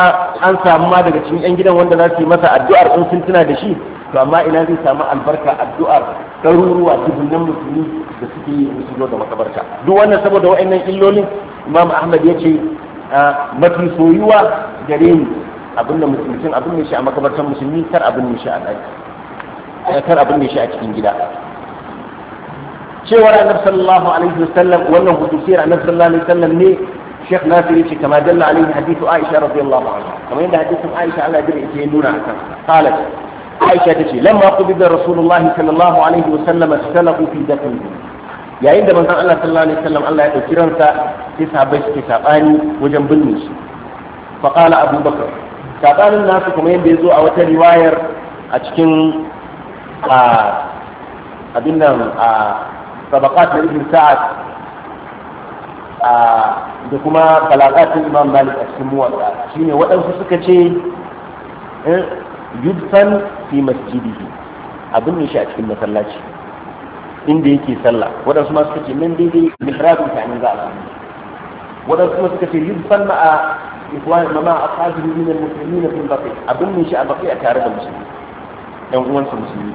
an samu ma daga cikin yan gidan wanda za su yi masa addu'ar in sun tuna da shi to amma ina zai samu albarka addu'ar ɗaruruwa dubunan musulmi da suke yi musu da makabarta duk wannan saboda wa'annan illolin imam ahmad ya ce ah, mafi soyuwa gare ni abin da musulmin abin ne shi a makabartar musulmi kar abin ne shi a ɗaki eh, kar abin ne shi a cikin gida cewar annab sallallahu alaihi wasallam wannan hudusiyar annab sallallahu alaihi wasallam ne Sheikh Nasir ce kama dalla alaihi hadithu Aisha radiyallahu anha kamar yadda hadithin Aisha Allah ya dare yake nuna akan qalat aisha ta ce lamma qubida rasulullahi sallallahu alaihi wasallam salafu fi dakhli yayin da manzon Allah sallallahu alaihi wasallam Allah ya dauki ransa sai sahabbai suke sabani wajen binne shi fa qala abu bakr sabanin nasu kuma yanda yazo a wata riwayar a cikin a abin nan a sabaqat na ibn sa'ad da kuma balaqatul imam malik a cikin muwatta shine waɗansu suka ce eh, yudfan fi masjidihi abin ne shi a cikin masallaci inda yake sallah waɗansu ma suka ce nan daidai mihrabin ta nan za a samu waɗansu kuma suka ce yudfan ma'a ikwan a ashabi min al-muslimin fi baqi abin ne shi a baqi a tare da musulmi dan uwansa musulmi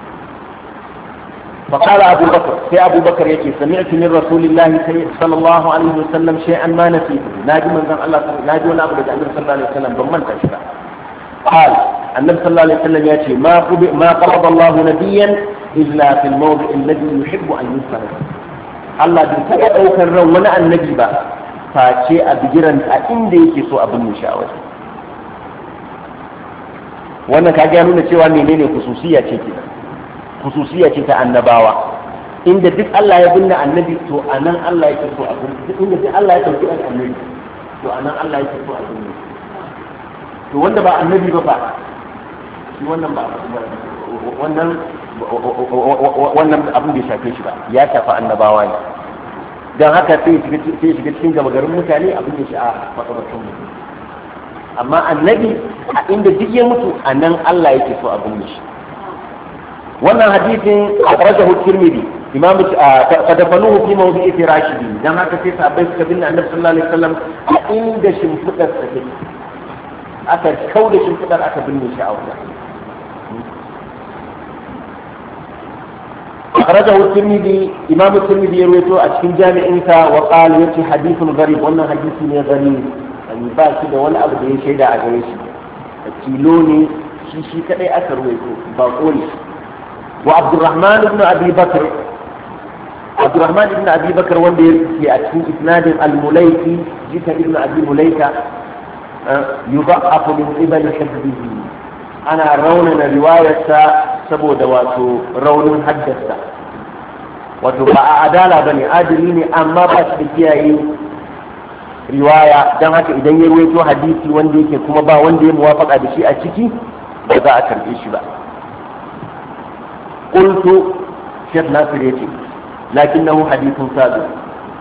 فقال أبو yake sami أبو بكر يكي سمعت من رسول الله صلى الله عليه وسلم شيئا ما نسيته na ji wani abu da ولا أبو صلى الله عليه وسلم ضمن تشفى قال النبي صلى الله عليه وسلم ياتي ما ما قبض الله نبيا الا في الموضع الذي يحب ان يذكر الله ɗaukar ran wani annabi ba face a bigiran a inda yake so abin nishawar wannan kaga ya nuna cewa menene kususiya ce ke kususiya ce ta annabawa inda duk Allah ya binne annabi to anan Allah yake so a binne inda duk Allah ya tafi so a to wanda ba annabi ba ba shi wannan ba wannan wannan abin da ya shafe shi ba ya shafa annabawa ne don haka sai shiga cikin gaba garin mutane abin da shi a matsabatun mutum amma annabi a inda duk ya mutu a nan Allah yake so abin da shi wannan hadisin a hukumar mili imam fadafanuhu fi ita Rashidi. dan haka sai sabbin suka binne annabi sallallahu alaihi wasallam a inda shimfidar sa take aka kauda shimfiɗar aka binne shi a wuta أخرجه الترمذي إمام الترمذي يرويته أشكين جامع إنسا وقال يأتي حديث غريب وأن حديث من غريب يعني با كده ولا أبدا يشهد أغريش تيلوني شي شي كده أثر ويته باقول وعبد الرحمن بن أبي بكر عبد الرحمن بن أبي بكر وندير في أشكين إسناد المليكي جيت ابن أبي مليكة yudha'afu min qibali hibbihi ana raunana riwayarsa saboda wato raunin haddasa wato ba a adala bane adili ne amma ba shi da kiyaye riwaya don haka idan ya ruwaito hadisi wanda yake kuma ba wanda ya muwafaka da shi a ciki ba za a karɓe shi ba qultu shaykh nasir yace lakinnahu hadithun sabi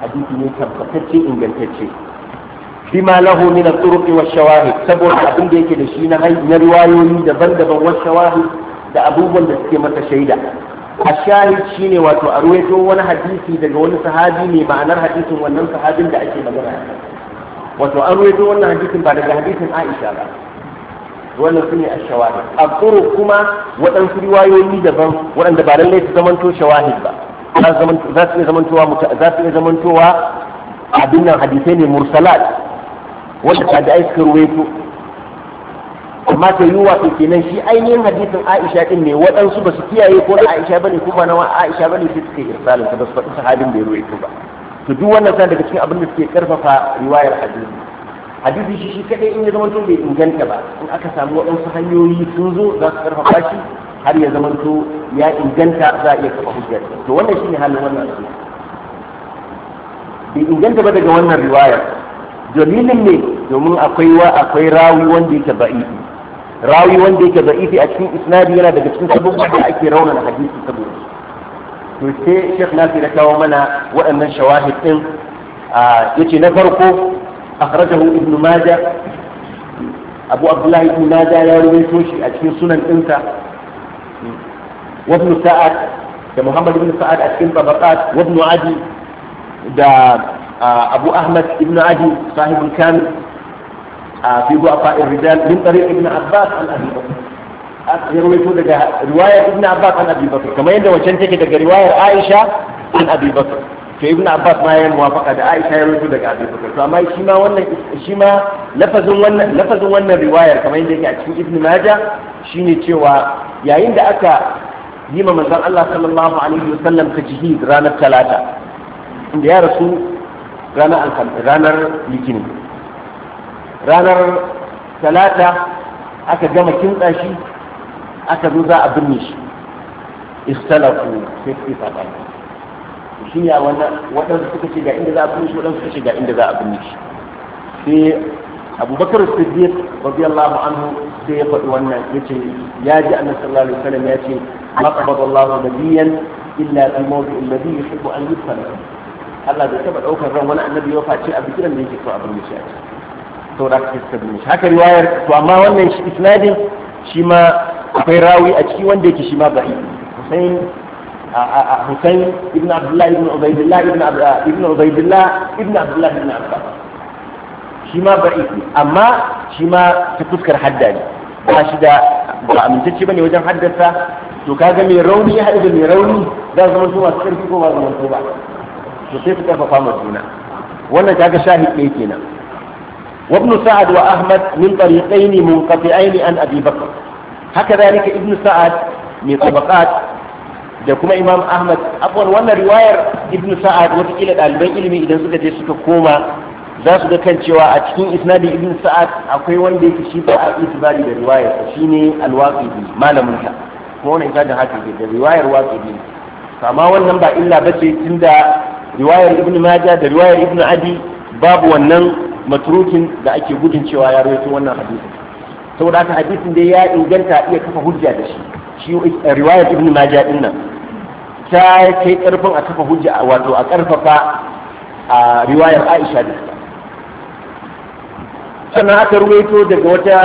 hadisi ne tabbatacce ingantacce bima lahu min al-turuq wa shawahid saboda abin da yake da shi na riwayoyi daban-daban wa shawahid da abubuwan da suke masa shaida ashahid shine wato a ruwaito wani hadisi daga wani sahabi ne ma'anar hadisin wannan sahabin da ake magana wato an ruwaito wannan hadisin ba daga hadisin Aisha ba wannan su ne a shawahid a tsoro kuma waɗansu riwayoyi daban waɗanda ba lallai su zamanto shawahid ba za su iya zamantowa abin nan hadisai ne mursalat wanda ji aiki ruwaito amma ta yi wato kenan shi ainihin hadisin Aisha din ne waɗansu ba su kiyaye ko da Aisha bane ne kuma na Aisha bane sai suka yi irsalin ba su faɗi sahabin da ya ruwaito ba to duk wannan sai daga cikin abin da suke karfafa riwayar hadisi hadisi shi shi kadai in ya zama to bai inganta ba in aka samu waɗansu hanyoyi sun zo za su karfafa shi har ya zama to ya inganta za a iya kafa hujjar to wannan shi ne halin wannan bai inganta ba daga wannan riwayar dalilin ne domin akwai wa akwai rawi wanda yake da'ifi rawi wanda yake da'ifi a cikin isnadi yana daga cikin sabon da ake raunana hadisi saboda to sai Sheikh Nasir ya kawo mana waɗannan shawahid din yace na farko akhrajahu Ibn Majah Abu Abdullah Ibn Majah ya rawaito shi a cikin sunan dinsa. wa Sa'ad da Muhammad Ibn Sa'ad a cikin Tabaqat wa Adi da أبو أحمد ابن عدي صاحب الكامل في ضعفاء الرجال من طريق ابن عباس عن أبي بكر يرويته لك رواية ابن عباس عن أبي بكر كما يندى وشنتك لك رواية عائشة عن أبي بكر to ibn abbas ma yayin muwafaqa da aisha ya rubuta daga abi bakar to amma shi ma wannan shi wannan riwayar kamar yadda yake a cikin ibn maja shine cewa yayin da aka yi ma manzon Allah sallallahu alaihi wasallam tajhid ranar talata inda ya rasu ranar litinin ranar talata aka gama kintsa shi aka zo za a binne shi istalafu sai su faɗa shi ne waɗanda suka ce ga inda za a binne shi waɗansu suka ce ga inda za a binne shi sai abubakar siddiq radiyallahu anhu sai ya faɗi wannan ya ce ya ji annabi sallallahu alaihi wasallam ya ce ma nabiyyan illa fi mawdi'in ladhi yuhibbu an yusalla Allah bai taba daukar ran wani annabi ya face a bikiran da yake so a burne shi a ciki to da kake suka burne shi haka riwayar to amma wannan shi isnadin shi ma akwai rawi a ciki wanda yake shi ma ba'i Hussein Hussein ibn Abdullah ibn Ubaydillah ibn ibn Ubaydillah ibn Abdullah ibn Abbas shi ma ba'i amma shi ma ta fuskar haddani ba shi da ba amintacce bane wajen haddasa to kaga mai rauni ya haɗu da mai rauni za su zama su masu ƙarfi ko ba su zama ba to sai su karfafa ma juna wannan kaga shahid ɗaya kenan وابن سعد وأحمد من طريقين منقطعين عن أبي بكر هكذا ذلك ابن سعد من طبقات كما إمام أحمد أفضل وانا رواية ابن سعد وتقيل الألبين إلمي إذا سكت يسكت كوما za su ga kan cewa a cikin isnadi ibn sa'ad akwai wanda yake shi ba a itibari da riwayar sa shine al-waqidi malamin ta ko wannan da haka da riwayar wannan ba illa bace tunda riwayar ibn maja da riwayar ibn adi babu wannan matrukin da ake gudun cewa ya rawaito wannan hadisin saboda haka hadisin dai ya inganta iya kafa hujja da shi shi eh, riwayar ibn maja din nan ta kai karfin a kafa hujja wato a karfafa a riwayar aisha da sannan aka ruwaito daga wata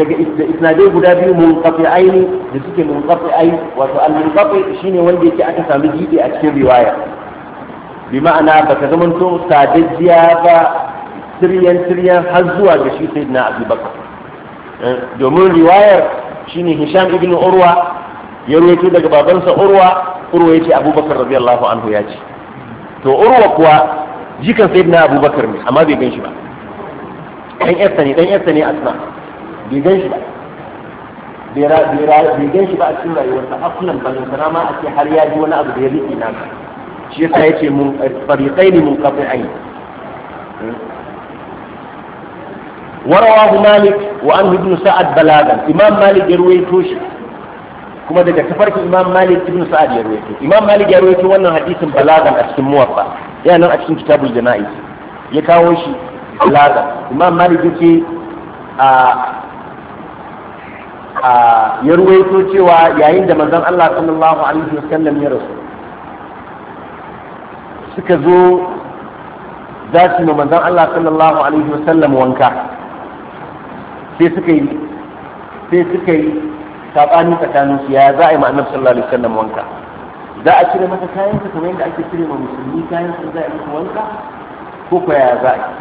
daga isnadai guda biyu mun kafi aini da suke kafi aini wato al munqati shine wanda yake aka samu gidi a cikin riwaya bi ma'ana ba ka zama to sadajiya ba tiryan tiryan har zuwa ga shi sai na abubakar eh, domin riwayar shine hisham ibn urwa ya ruwaito daga babansa urwa urwa ya ce abubakar radiyallahu anhu ya ce to urwa kuwa jikan sai na abubakar ne amma bai gan shi ba dan yarsa ne dan yarsa ne asma bai gan shi ba bai gan shi ba a cikin rayuwarsa asalin balantana ma a ce har ya ji wani abu da ya riƙe na. shi yasa yace mun kafin fariqaini Malik wa an وعنه Sa'ad Balagan, بلاغا Malik ya يروي توشي kuma daga tafarkin imam malik ibn sa'ad ya rawaito imam malik ya rawaito wannan hadisin balagan a cikin muwaffa yana nan a cikin kitabul jana'iz ya kawo shi balagan. imam malik yace a a ya rawaito cewa yayin da manzon Allah sallallahu alaihi wasallam ya rasu suka zo za su yi manzan Allah sallallahu alaihi wasallam wanka sai suka yi sai suka yi sabani tsakanin su ya za a yi ma annabi sallallahu alaihi wasallam wanka za a cire masa kayan sa kamar yadda ake cire ma musulmi kayan sa za a yi wanka ko ko ya za a yi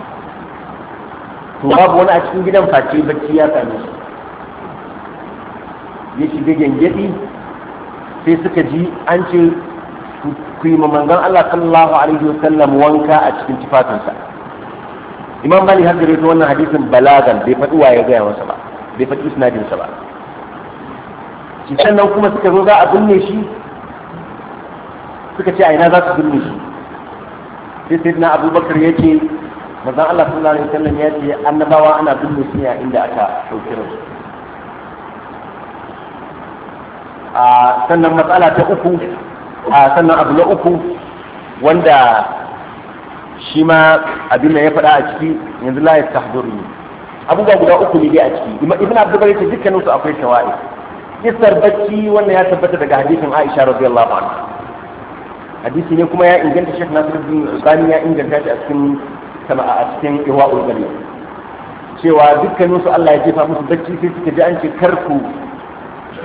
to babu wani a cikin gidan face bacci ya same shi ya shiga gyangyaɗi sai suka ji an ce ku yi mamangan Allah sallallahu alaihi wasallam wanka a cikin tufafinsa imam Bani har gare ta wannan hadisin balagan bai faɗi waye gaya masa ba bai faɗi isnadinsa ba shi sannan kuma suka zo za a binne shi suka ce a ina za su binne shi sai sai na abubakar ya ce mazan Allah sallallahu alaihi wasallam ya ce annabawa ana binne shi ne a inda aka ɗauki A sannan matsala ta uku a sannan abu na uku wanda shi ma abin da ya faɗa a ciki yanzu la ne abubuwa guda uku ne dai a ciki ibn abdul ce dukkanin su akwai tawa'i kisar bacci wannan ya tabbata daga hadisin Aisha radiyallahu anha hadisi ne kuma ya inganta Sheikh Nasiruddin zani ya inganta shi a cikin sama a cikin Iwa'ul Jalil cewa dukkanin su Allah ya jefa musu bacci sai suka ji an ce karku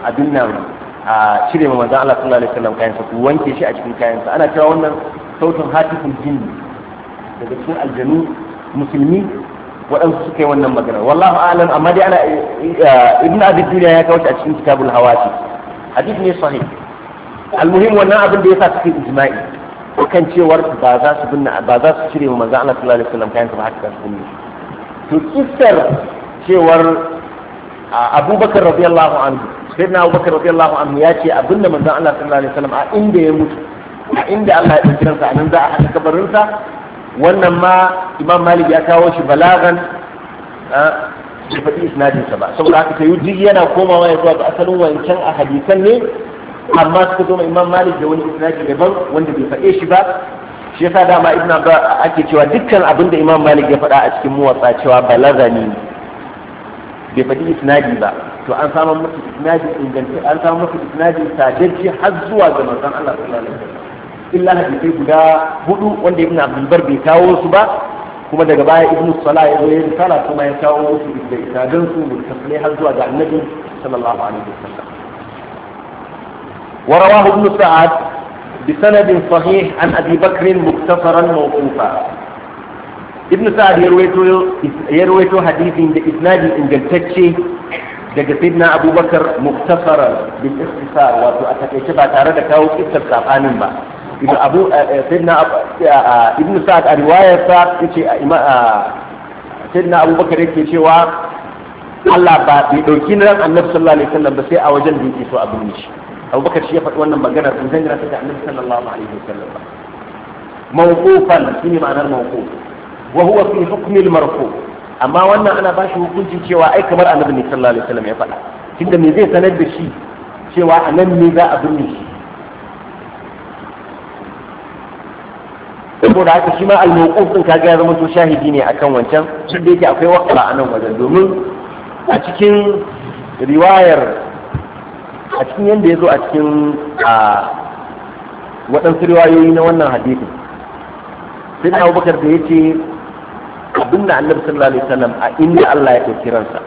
abin nan a cire ma manzon Allah sallallahu alaihi wasallam kayansa ku wanke shi a cikin kayansa ana cewa wannan sautin hatifin jinni daga cikin aljanu musulmi waɗansu suka yi wannan magana wallahu a'lam amma dai ana Ibn abi duniya ya kawo a cikin kitabul hawati hadith ne sahih almuhim wannan abin da ya sa suke ijma'i kan cewar ba za su binne ba za su cire ma manzo Allah sallallahu alaihi wasallam kayansa ba haka su binne to kissar cewar Abubakar radiyallahu anhu sayyidina abubakar radiyallahu anhu ya ce abinda manzon Allah sallallahu alaihi wasallam a inda ya mutu a inda Allah ya dauki ransa anan za a haɗa kabarinsa wannan ma imam malik ya kawo shi balagan da ah, faɗi sa ba saboda haka ta yi yana komawa ya zuwa ga asalin wancan a hadisan ne amma suka zo imam malik da wani isnadi daban wanda bai faɗe shi ba shi yasa dama ibn abba ake cewa dukkan abin da imam malik ya faɗa a cikin muwatsa cewa ne bai faɗi isnadi ba to an samu musu isnadi inganta an samu musu isnadi sadajji har zuwa ga manzon Allah sallallahu alaihi wasallam illa hadisai guda hudu wanda ibn abdul bar bai kawo su ba kuma daga baya ibn salah ya zo ya risala kuma ya kawo su da isadan su mutafsili har zuwa ga annabi sallallahu alaihi wasallam ورواه ابن سعد بسند صحيح عن ابي بكر مختصرا Ibn Sa'ad سعد يرويته يرويته da باسناد ingantacce. daga sayyidina abubakar muktasara bin istisar wato a takaice ba tare da kawo kissar sabanin ba eh, eh, eh, ah, ibn abu sayyidina ibn sa'ad a riwayar sa yace ah, sayyidina abubakar yake cewa Allah ba bai dauki ran annabi sallallahu alaihi wasallam ba sai a wajen da yake so abin shi abubakar shi ya faɗi wannan magana sun dangana ta da annabi sallallahu alaihi wasallam ba mawqufan shine ma'anar mawquf wa huwa fi hukmi al-marfu' amma wannan ana ba shi hukuncin cewa ai kamar annabi ne sallallahu alaihi wasallam ya faɗa tunda me zai sanar da shi cewa a nan ne za a binne shi saboda haka shi ma al-mawquf din kaga ya zama to shahidi ne akan wancan tun da yake akwai waqala a nan wajen domin a cikin riwayar a cikin yanda ya zo a cikin a waɗansu riwayoyi na wannan hadisi sai na abubakar da ya ce abinda annabi sallallahu alaihi wasallam a inda Allah ya ɗauki ransa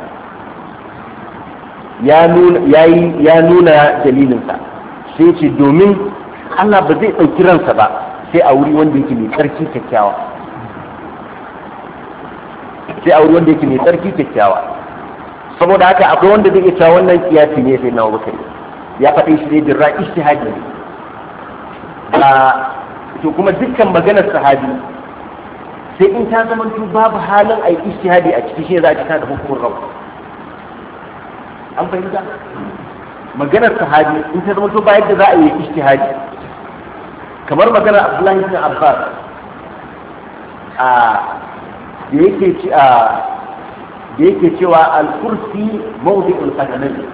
ya nuna dalilinsa sai ce domin Allah ba zai ɗauki ransa ba sai a wuri wanda yake mai tsarki kyakkyawa sai a wuri wanda yake mai tsarki kyakkyawa saboda haka akwai wanda zai iya wannan kiyasi ne sai na wakari ya faɗi shi ne dirra ishtihadi ne to kuma dukkan maganar sahabi sai in ta zama babu halin a yi ishtihadi a cikin shi za a cika da hukumar rabu an fahimta maganar sahabi in ta zama ba yadda za a yi ishtihadi kamar maganar abdullahi bin abbas a da yake ci a da yake cewa al-kursi mawdi'ul qadamain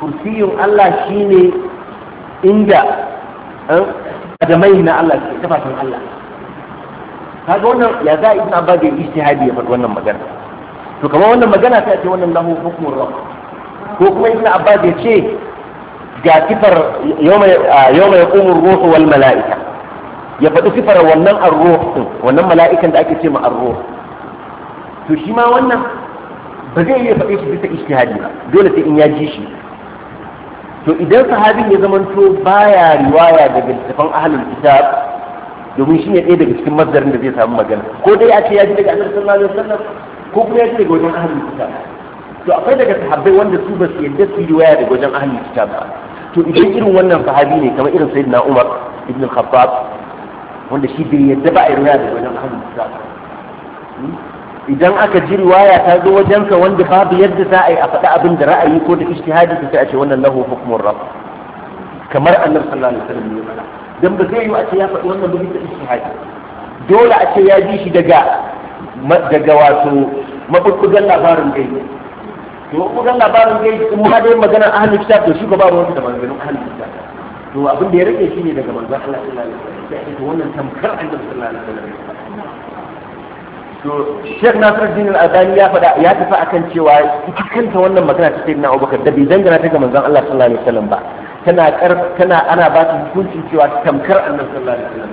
kursiyun Allah shine inda eh, qadamai na Allah ke kafafin Allah kaga wannan ya za a ibn abba bai ijtihadi ya faɗi wannan magana to kamar wannan magana ta ce wannan lahu hukmun rabb ko kuma ibn abba bai ce ga sifar yawma yawma yaqumu ar-ruhu wal mala'ika ya faɗi sifar wannan ar-ruh din wannan mala'ikan da ake ce ma ar-ruh to shi ma wannan ba zai iya faɗe shi bisa ijtihadi ba dole sai in ya ji shi to idan sahabin ya zamanto baya riwaya daga littafan ahlul kitab domin shi ne ɗaya daga cikin mazdarin da zai samu magana ko dai a ce ya ji daga annabi sallallahu alaihi wasallam ko kuma ya ji daga wajen ahli kitab to akwai daga sahabbai wanda su ba su yadda su yi waya daga wajen ahli kitab ba to idan irin wannan sahabi ne kamar irin sayyidina Umar ibn Khattab wanda shi bai yadda ba a yi riwaya daga wajen ahli kitab idan aka ji riwaya ta zo wajensa wanda babu yadda za a yi a faɗi abin da ra'ayi ko da ishtihadi sai a ce wannan lahu hukmur rabb kamar annabi sallallahu alaihi wasallam ya faɗa don ba zai yi a ce ya faɗi wannan bugun da istihadi dole a ce ya ji shi daga daga wato mabubbugan labarin gai to mabubbugan labarin gai kuma ma dai maganar ahlul kitab to shi ba ruwan da maganganun ahlul kitab to abin da ya rage shi ne daga manzon Allah sallallahu alaihi wasallam to wannan tamkar annabi sallallahu alaihi wasallam to Sheikh Nasiruddin Al-Albani ya faɗa ya tafi akan cewa ita kanta wannan magana ta Sayyidina Abubakar da bai dangana ta ga manzon Allah sallallahu alaihi wasallam ba tana tana ana ba su hukuncin cewa tamkar annan sallallahu alaihi wasallam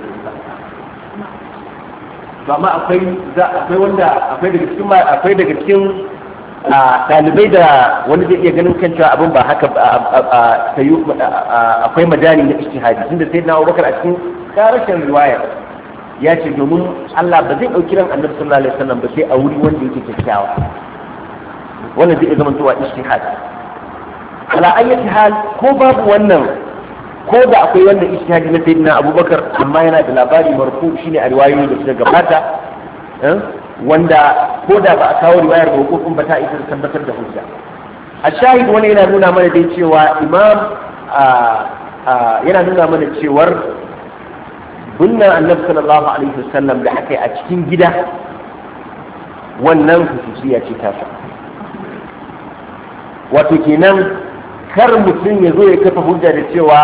to amma akwai za akwai wanda akwai daga cikin akwai daga cikin dalibai da wani zai iya ganin kan cewa abin ba haka akwai madani na ijtihadi tunda sai na Abubakar a cikin karashin riwaya ya ce domin Allah ba zai dauki ran annabi sallallahu alaihi wasallam ba sai a wuri wanda yake kyakkyawa wannan zai zama zuwa ijtihadi ala ayyati hal ko babu wannan ko da akwai wanda ijtihadi na sayyidina abubakar amma yana da labari marfu shine a riwayoyi da suka gabata eh, wanda ko da ba a kawo riwayar hukukun ba ta isa da tabbatar da hujja a shahid wani yana nuna mana dai cewa imam yana nuna mana cewar bunna annabi sallallahu alaihi wasallam da aka yi a cikin gida wannan hususiya ce tasa wato kenan kar mutum ya zo ya kafa hujja da cewa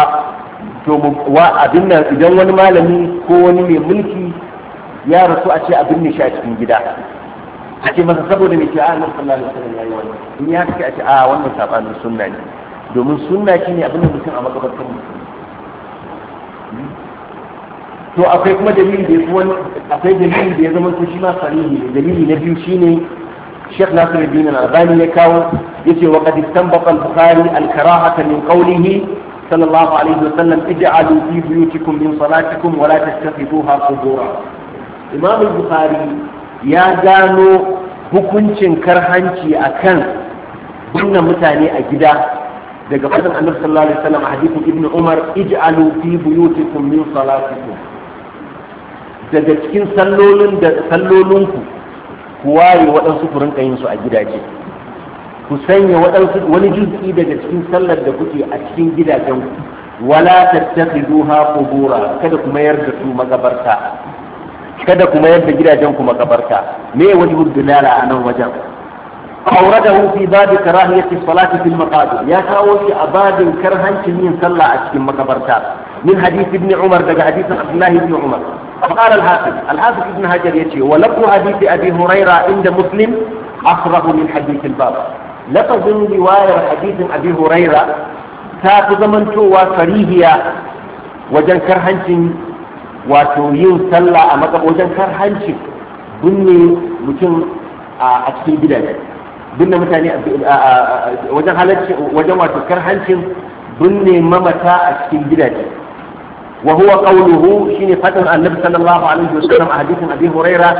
to wa abin nan idan wani malami ko wani mai mulki ya rasu a ce abin ne shi a cikin gida a ce masa saboda mai ce a ah, nan sallallahu alaihi wasallam yayi wannan in ya kace a ce a ah, wannan sabanin sunna ne domin sunna shine abin da mutum a makabartan mutum to akwai kuma dalili da ya akwai dalili da ya zama to shi ma sarihi dalili na biyu shine Sheikh Nasiruddin Al-Albani ya kawo ya wa qad istanbaqa al-Bukhari al-karahata min qawlihi sallallahu alaihi wasallam ij'alu fi buyutikum min salatikum wa la tattakhidhuha qubura Imam bukhari ya gano hukuncin karhanci akan bunna mutane a gida daga fadin annabi sallallahu alaihi wasallam hadisin ibnu umar ij'alu fi buyutikum min salatikum daga cikin sallolin da sallolinku ku ware waɗansu ku rinka yin su a gidaje ku sanya waɗansu wani juz'i daga cikin sallar da kuke a cikin gidajen ku wala tattakhiduha qubura kada ku mayar da su makabarta kada ku mayar da gidajen ku makabarta me wajibul dilala a nan wajen auradahu fi babi karahiyati salati fil maqabir ya kawo shi a babin karhancin yin sallah a cikin makabarta min hadith ibn umar daga hadith abdullahi ibn umar فقال الحافظ الحافظ ابن هجر يتي ولفظ حديث ابي هريره عند مسلم اقرب من حديث الباب لفظ روايه حديث ابي هريره تاخذ زمن تو فريهيا وجن كرهنجين wato yin sallah wajen kar binne mutum a cikin gidaje binne mutane wajen wato kar binne mamata a cikin gidaje وهو قوله شين فتن النبي صلى الله عليه وسلم حديث أبي هريرة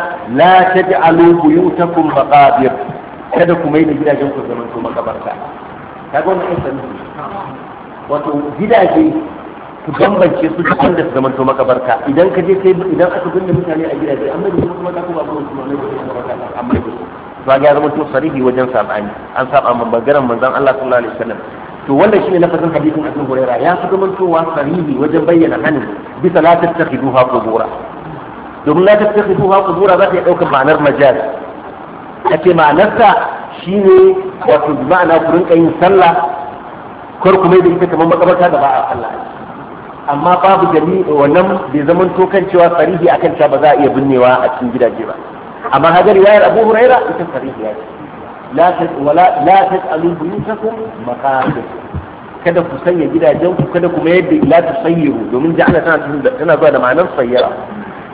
لا تجعلوا بيوتكم مقابر kada ku جدا جنك gidajen ku zaman to makabarta ta ga wannan ayyukan wato gidaje bambance su da wanda zaman to idan ka je kai idan aka binne mutane a gidaje amma da kuma ta kuma ba da makabarta amma da kuma ba zaman to sarihi wajen sabani an saba maganar manzon Allah sallallahu alaihi wasallam to wannan shine lafazin hadisin Abu Hurairah ya fi zamantowa sahihi wajen bayyana hani bisa la tattakhiduha qubura domin la tattakhiduha qubura za ta dauka ma'anar majaz ake ma'anarsa shine wato ma'ana ku rinka yin sallah kar da ita kamar makabarta da ba a sallah amma babu dalili wannan bai zamanto kan cewa sarihi akan ta ba za a iya binnewa a cikin gidaje ba amma ya yayar Abu Hurairah ita sarihi ya ce la taj'alu buyutakum maqabir kada ku sanya gidajenku kada ku mayar da la tusayyiru domin ja'ala tana cikin tana zuwa da ma'anar sayyara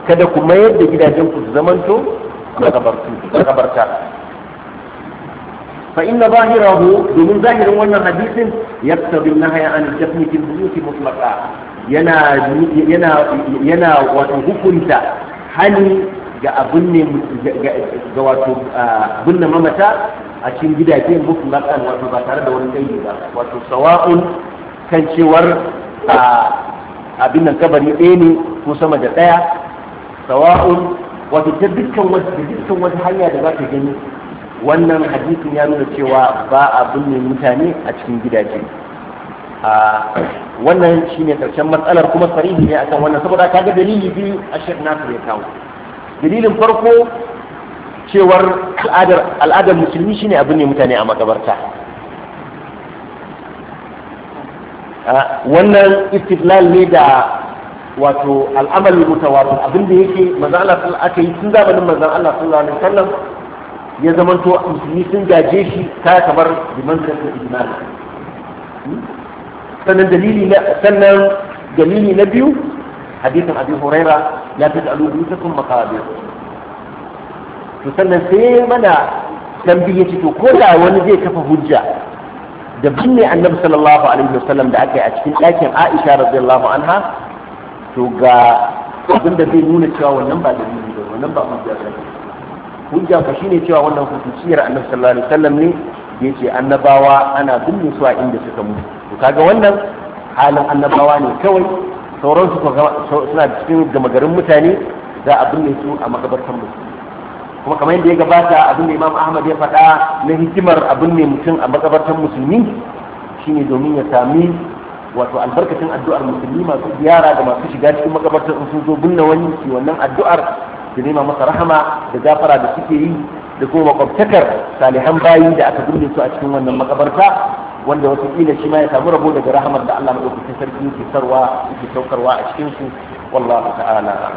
kada ku mayar da gidajenku su zamanto makabartu makabarta fa inna zahirahu domin zahirin wannan hadisin ya na haya an dafni fil buyut mutlaqa yana yana yana wato hukunta hani ga abun ne ga wato ah, binne mamata a cikin gidaje muku kan wato ba tare da wani dangi ba wato sawa'un kan cewar abin nan kabari ɗaya ne ko sama da ɗaya sawa'un wato ta dukkan wata dukkan wata hanya da za ka gani wannan hadisin ya nuna cewa ba a binne mutane a cikin gidaje wannan shine karshen matsalar kuma sarihi ne akan wannan saboda kaga dalili biyu a shek nasu ya kawo dalilin farko cewar al'adar musulmi shine abin ne mutane a makabarta wannan istiflal ne da wato al'amal mutawatir abin da yake manzon Allah aka yi sun zamanin manzon Allah sallallahu alaihi wasallam ya zamanto musulmi sun gaje shi ta kamar dimantar da ijmal sannan dalili na sannan dalili na biyu hadisin abi huraira ya tasalu bi takum maqabir to sannan sai mana tambiye ce to ko da wani zai kafa hujja da binne annabi sallallahu alaihi wasallam da aka yi a cikin ɗakin Aisha radiyallahu anha to ga abin da zai nuna cewa wannan ba da dalili ba wannan ba hujja ba hujja ko shine cewa wannan hukunciyar annabi sallallahu alaihi wasallam ne da yace annabawa ana binne su a inda suka mutu to kaga wannan halin annabawa ne kawai sauransu suna cikin gama garin mutane za a binne su a makabartan musulmi kuma kamar yadda ya gabata abin da imam ahmad ya faɗa na hikimar abin ne mutum a makabartar musulmi shine domin ya sami wato albarkacin addu'ar musulmi masu ziyara da masu shiga cikin makabartar in sun zo binne wani ke wannan addu'ar da nema masa rahama da gafara da suke yi da kuma makwabtakar salihan bayi da aka binne su a cikin wannan makabarta wanda wasu kila shi ma ya samu rabo daga rahamar da Allah madaukakin sarki yake sarwa yake saukarwa a cikin su wallahu ta'ala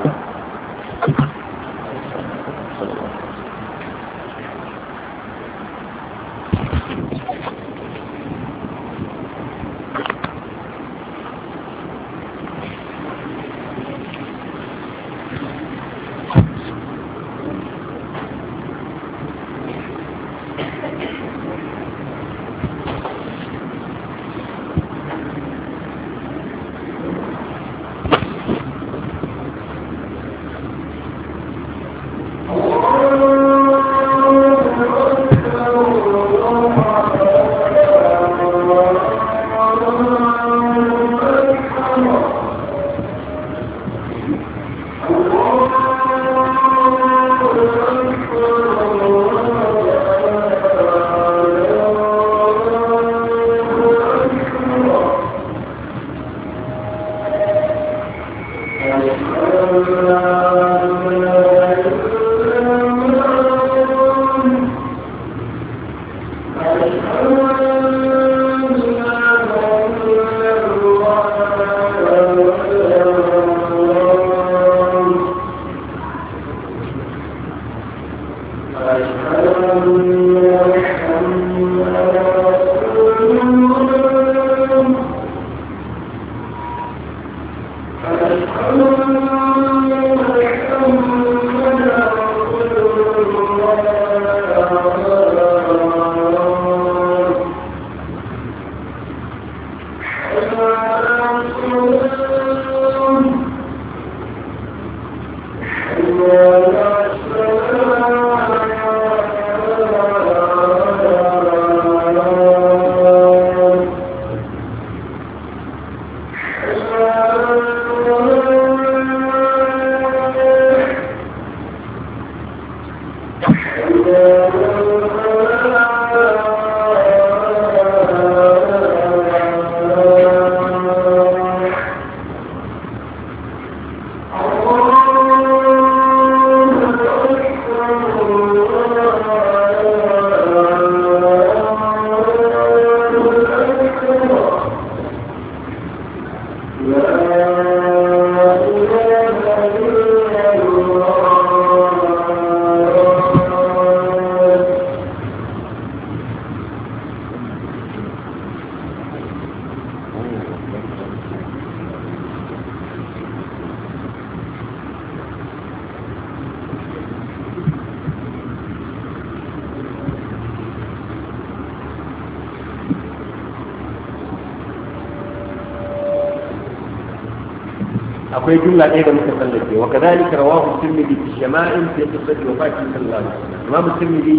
إلا أيضا متخلفه وكذلك رواه الترمذي في الشمائل في قصة وفاة النبي صلى الله عليه وسلم الإمام الترمذي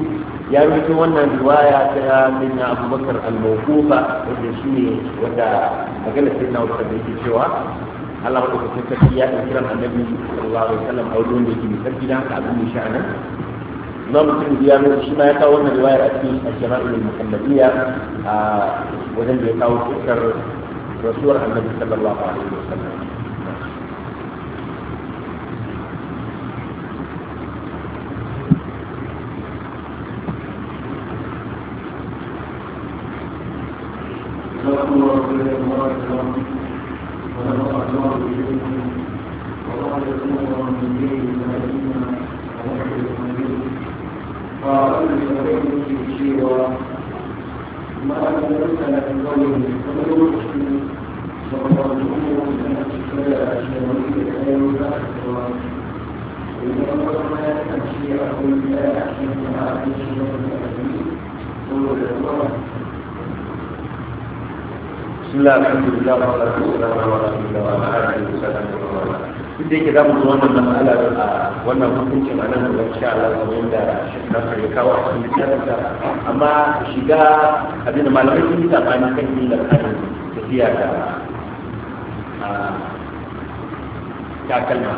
يعني تونا رواية من أبو بكر الموقوفة والجسمي ودا مقالة سيدنا وخبرية الشواء الله أقول لك تكتية الكرام النبي صلى الله عليه وسلم أو دون يجب تكتية كأبو شعنا الإمام الترمذي يعني الشماء تونا رواية في الشمائل المحمدية آه وذنب يتاوش أكثر رسول النبي صلى الله عليه وسلم bismillah alhamdulillah wa la ilaha illallah wa la ilaha duk da yake zo wannan mas'ala a wannan hukuncin a nan da insha Allah kamar yadda shekara ya kawo a cikin amma shiga abin da malamai sun yi sabani kan da kan tafiya da takalma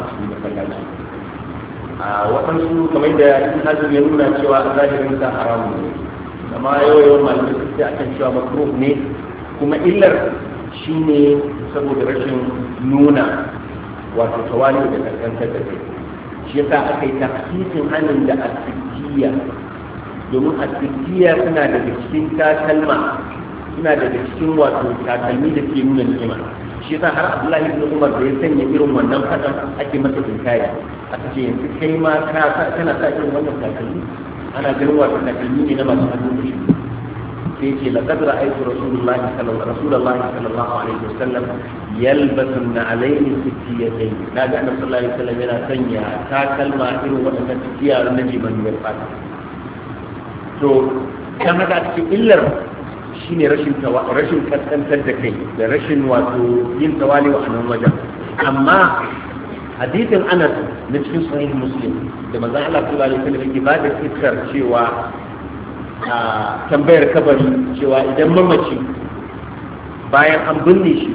a waɗansu kamar da in ya nuna cewa zahirin sa haramu ne amma malamai sun ce akan cewa makruh ne kuma illar shi ne saboda rashin nuna wato tawali da kankantar da kai shi yasa aka yi tafsirin hannun da asibitiya domin asibitiya suna daga cikin takalma suna daga cikin wato takalmi da ke nuna ni'ima shi yasa har abdullahi ibn umar da ya sanya irin wannan fadan ake masa tinkaya aka ce yanzu kai ma kana sa irin wannan takalmi ana ganin wato takalmi ne na masu hannun da shi. sai ce laqad ra'aytu rasulullahi sallallahu sallallahu alaihi wasallam yalbasu na'alaini sittiyatain naga annabi sallallahu alaihi wasallam yana sanya takalma irin waɗannan tiyaran na jiban mai fata to kan haka cikin illar shine rashin rashin kaskantar da kai da rashin wato yin tawali wa anan wajen amma hadisin anas na cikin sahih muslim da manzon Allah sallallahu alaihi wasallam yake ba da cewa a tambayar kabari cewa idan mamaci bayan an binne shi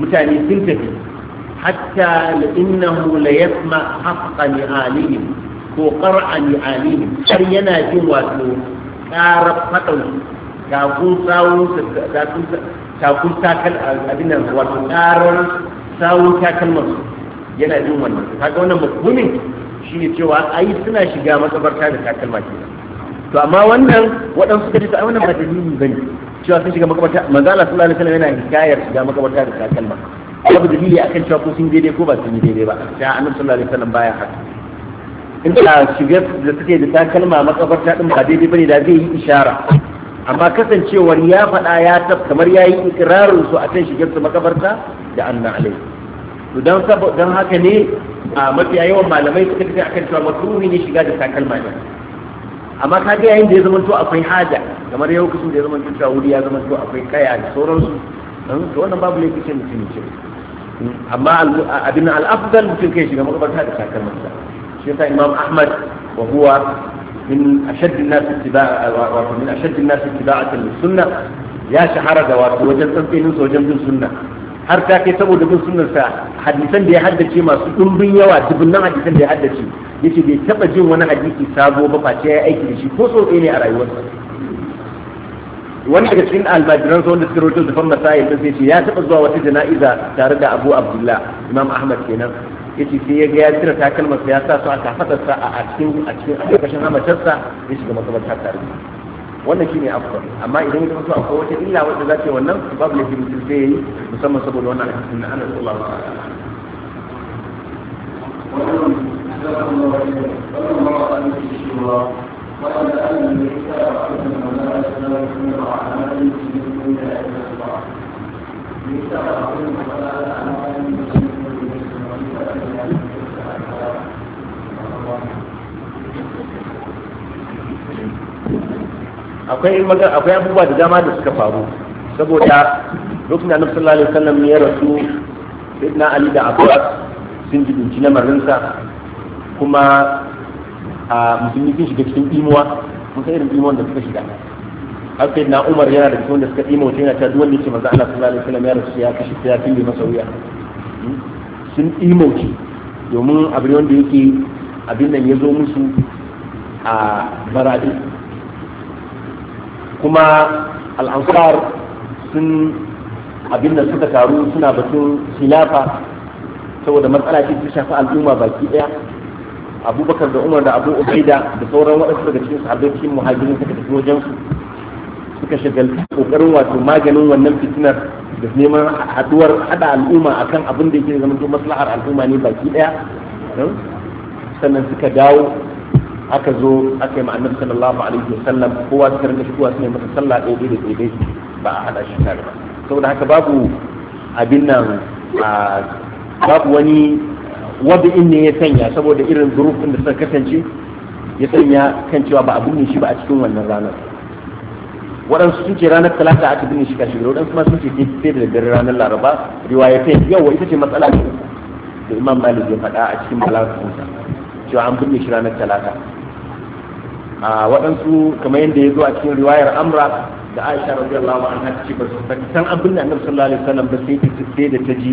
mutane sun tafi hatta innahu la yasma haqqan ni'alihim ko qara'an ni'alihim har yana jin wato ƙara fadan takun sawun takun takal abin nan wato ƙarar sawun mu yana jin wannan kaga wannan mafhumin shine cewa ai suna shiga makabarta da takalma kenan to amma wannan waɗansu suka ce ai wannan ba dalili bane cewa sun shiga makabarta manzo Allah sallallahu alaihi wasallam yana hikayar shiga makabarta da takalma babu dalili akan cewa ko sun daidai ko ba sun daidai ba sai annabi sallallahu alaihi wasallam baya haka in da shiga da suke da takalma makabarta din ba daidai bane da zai yi ishara amma kasancewar ya faɗa ya tab kamar ya yi ikirarin su akan shigar su makabarta da anna alai to dan saboda haka ne a mafiya yawan malamai suka tafi akan cewa makruhi ne shiga da takalma ne amma ka ga yayin da ya zama to akwai haja kamar yau kusur da ya zama to wuri ya zama to akwai kaya da sauransu hmm? to wannan babu laifi ce mutum ce hmm? amma abin al'afdal mutum kai shiga makabarta da masa shi yasa imam ahmad wa huwa من أشد الناس اتباع من أشد الناس اتباعا للسنة يا شحرة دوات وجن تنقين وجن sunnah har ta kai saboda bin sunansa hadisan da ya haddace masu dumbin yawa dubunnan hadisan da ya haddace yace bai taba jin wani hadisi sabo ba face ya aiki da shi ko so ne a rayuwarsa wani daga cikin almajiran sa wanda suka rubuta da fan masail da sai ce ya taba zuwa wata jana'iza tare da Abu Abdullah Imam Ahmad kenan yace sai ya ga ya tira sa ya sa su a kafatarsa a cikin a cikin a ƙarƙashin hamatarsa ya shiga makabarta tare da wannan shine afdal amma idan ya zama akwai wata illa wadda za ta yi wannan babu laifi mutum zai yi musamman saboda wannan hadisin na Anas sallallahu alaihi wasallam وقد أن الكتاب أن الملائكة لا يكون على من دون الله. الكتاب أن الملائكة على من دون الله. akwai akwai abubuwa da dama da suka faru saboda lokacin da annabi sallallahu alaihi wasallam ya rasu sayyidina ali da abbas sun na marinsa kuma a musulmi sun shiga cikin imuwa mun san irin imuwan da suka shiga har sai na umar yana da cikin da suka imuwa yana ta duwan ne ce manzo Allah sallallahu alaihi wasallam ya rasu ya kashi ta yafi masa wuya sun imuwa domin abin da yake abin nan ya zo musu a baradi kuma al'ansar sun abin da suka taru suna batun khilafa saboda matsala ce ta shafi al'umma baki daya abubakar da umar da abu ubaida da sauran waɗansu daga cikin sahabbai cikin muhajirin suka tafi wajen suka shagalta kokarin wato maganin wannan fitinar da neman haɗuwar haɗa al'umma akan abin da yake zama maslahar al'umma ne baki daya hmm? sannan suka dawo aka zo aka yi ma annabi sallallahu alaihi wasallam kowa suka rinka shigowa suna masa sallah ɗaya ɗaya da ɗaya ba a hada shi tare ba saboda haka babu abin nan babu wani in ne ya sanya saboda irin zurufin da suka kasance ya sanya kan cewa ba a binne shi ba a cikin wannan ranar waɗansu sun ce ranar talata aka binne shi kashi waɗansu ma sun ce sai da daddare ranar laraba riwaya ta yawa ita ce matsala ce da imam malik ya faɗa a cikin balagh cewa an buɗe shi ranar talata a waɗansu kamar yadda ya zo a cikin riwayar amra da aisha radiyallahu anha ce ba su san an binne annabi sallallahu alaihi wasallam ba sai ta da ta ji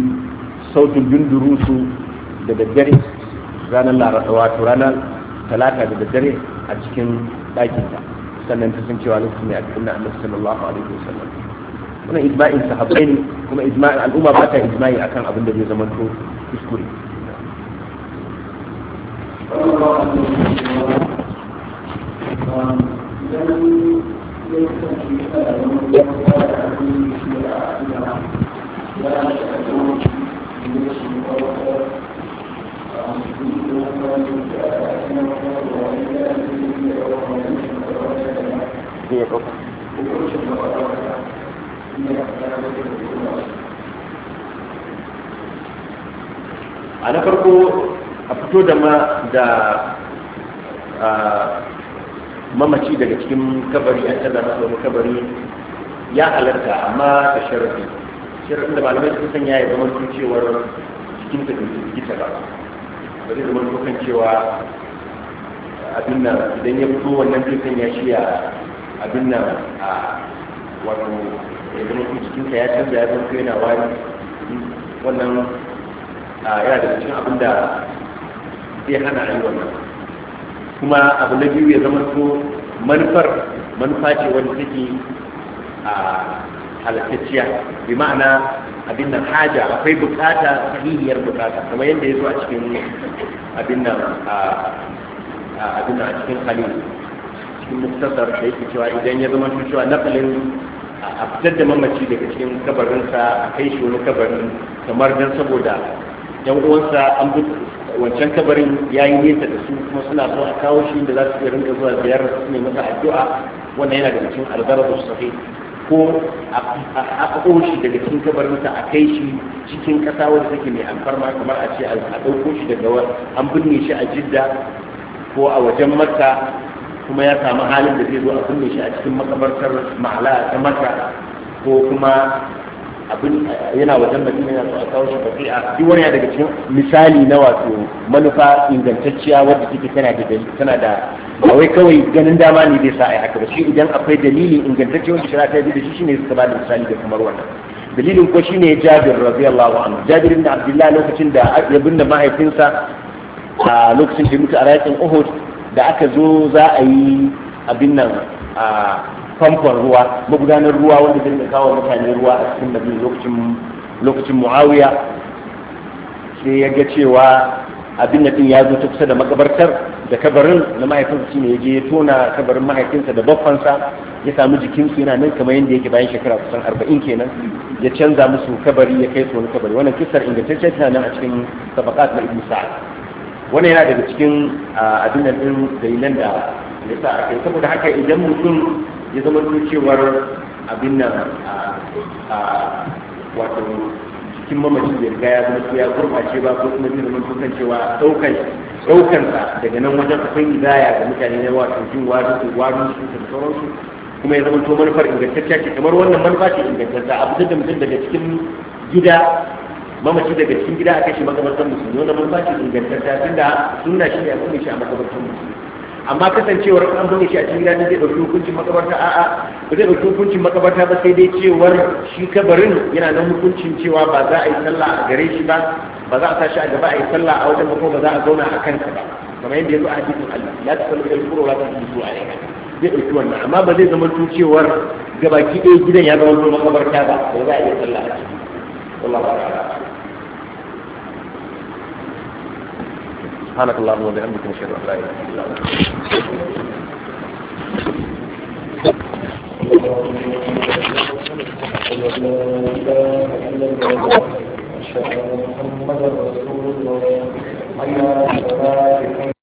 sautin dundurusu da daddare ranar laraba wato ranar talata da daddare a cikin ɗakin ta sannan ta san cewa lokacin ne a cikin annabi sallallahu alaihi wasallam wannan ijma'in sahabbai ne kuma ijma'in al'umma ba ta ijma'i akan abin da zai zama to kuskure a na farko a fito da ma da mamaci daga cikin kabari an canza na wani kabari ya halarta amma ta sharafi sharafin da malamai sun sanya ya zama sun cewar cikin ta da gita ba ba zai zama kan cewa abin nan idan ya fito wannan zai sanya shi a abin nan a wato ya zama sun cikin ya canza ya zama yana wani wannan yana da cikin abin da sai hana a yi wannan kuma abu na biyu ya zama to manufar manufa ce wani take a halittacciya bi ma'ana abin nan haja akwai bukata sahihiyar bukata kamar yadda ya zo a cikin abin nan abin nan a cikin halin cikin muktasar da yake cewa idan ya zama cewa nakalin a fitar da mamaci daga cikin kabarinsa a kai shi wani kabarin kamar don saboda yan uwansa an wancan kabarin ya yi nesa da su kuma suna so a kawo shi da za su iya rinka zuwa ziyarar su ne masa addu'a wannan yana daga cikin algarabus sahi ko a ɗauko shi daga cikin ta a kai shi cikin ƙasa wadda take mai alfarma kamar a ce a ɗauko shi daga an binne shi a jidda ko a wajen makka kuma ya samu halin da zai zo a binne shi a cikin makabartar ma'ala ta makka ko kuma abin yana wajen mutum yana so a kawo shi basi'a duk wani daga cikin misali na wato manufa ingantacciya wadda take tana da tana da ba wai kawai ganin dama ne zai sa ai haka ba shi idan akwai dalilin ingantacce wanda shari'a ta yi da shi shine suka ba da misali da kamar wannan dalilin ko shine Jabir radiyallahu anhu Jabir ibn Abdullah lokacin da ya binne mahaifinsa a lokacin da mutu a yakin Uhud da aka zo za a yi abin nan a famfon ruwa magudanar ruwa wanda zai da kawo mutane ruwa a cikin madina lokacin lokacin muawiya sai ya ga cewa abin da din ya zo ta kusa da makabartar da kabarin na mahaifinsa shine ya je ya tona kabarin mahaifinsa da baffansa ya samu jikinsu yana nan kamar yadda yake bayan shekara kusan arba'in kenan ya canza musu kabari ya kai su wani kabari wannan kisar ingantaccen tana nan a cikin tabaqat na ibnu sa'ad wannan yana daga cikin ah, abin da din dalilan da ya sa aka saboda haka idan mutum ya zama cewar abin nan a wato cikin mamacin da riga ya zama ya gurɓace ba ko kuma zai zama kan cewa ɗaukan sa, daga nan wajen akwai idaya ga mutane na wato jin wajen su wajen su da sauransu kuma ya zama to manufar ingantacciya ce kamar wannan manufa ce ingantacciya a fitar da mutum daga cikin gida mamaci daga cikin gida a kashe makabartar musulmi wannan manufa ce ingantacciya tunda sunna shi ne a kuma shi a makabartar musulmi amma kasancewar an bude shi a cikin gidan zai dauki hukuncin makabarta a'a ba zai dauki hukuncin makabarta ba sai dai cewar shi kabarin yana nan hukuncin cewa ba za a yi sallah a gare shi ba ba za a sa shi a gaba a yi sallah a wajen mako ba za a zauna a kansa ba kamar yadda ya zo a hadisin Allah la ta sallu al-qura wa la tasallu alayha zai dauki wannan amma ba zai zama cewar gabaki ɗaya gidan ya zama makabarta ba ba za a yi sallah a ciki wallahu a'lam سبحانك اللهم وبحمدك نشهد ان لا اله الا انت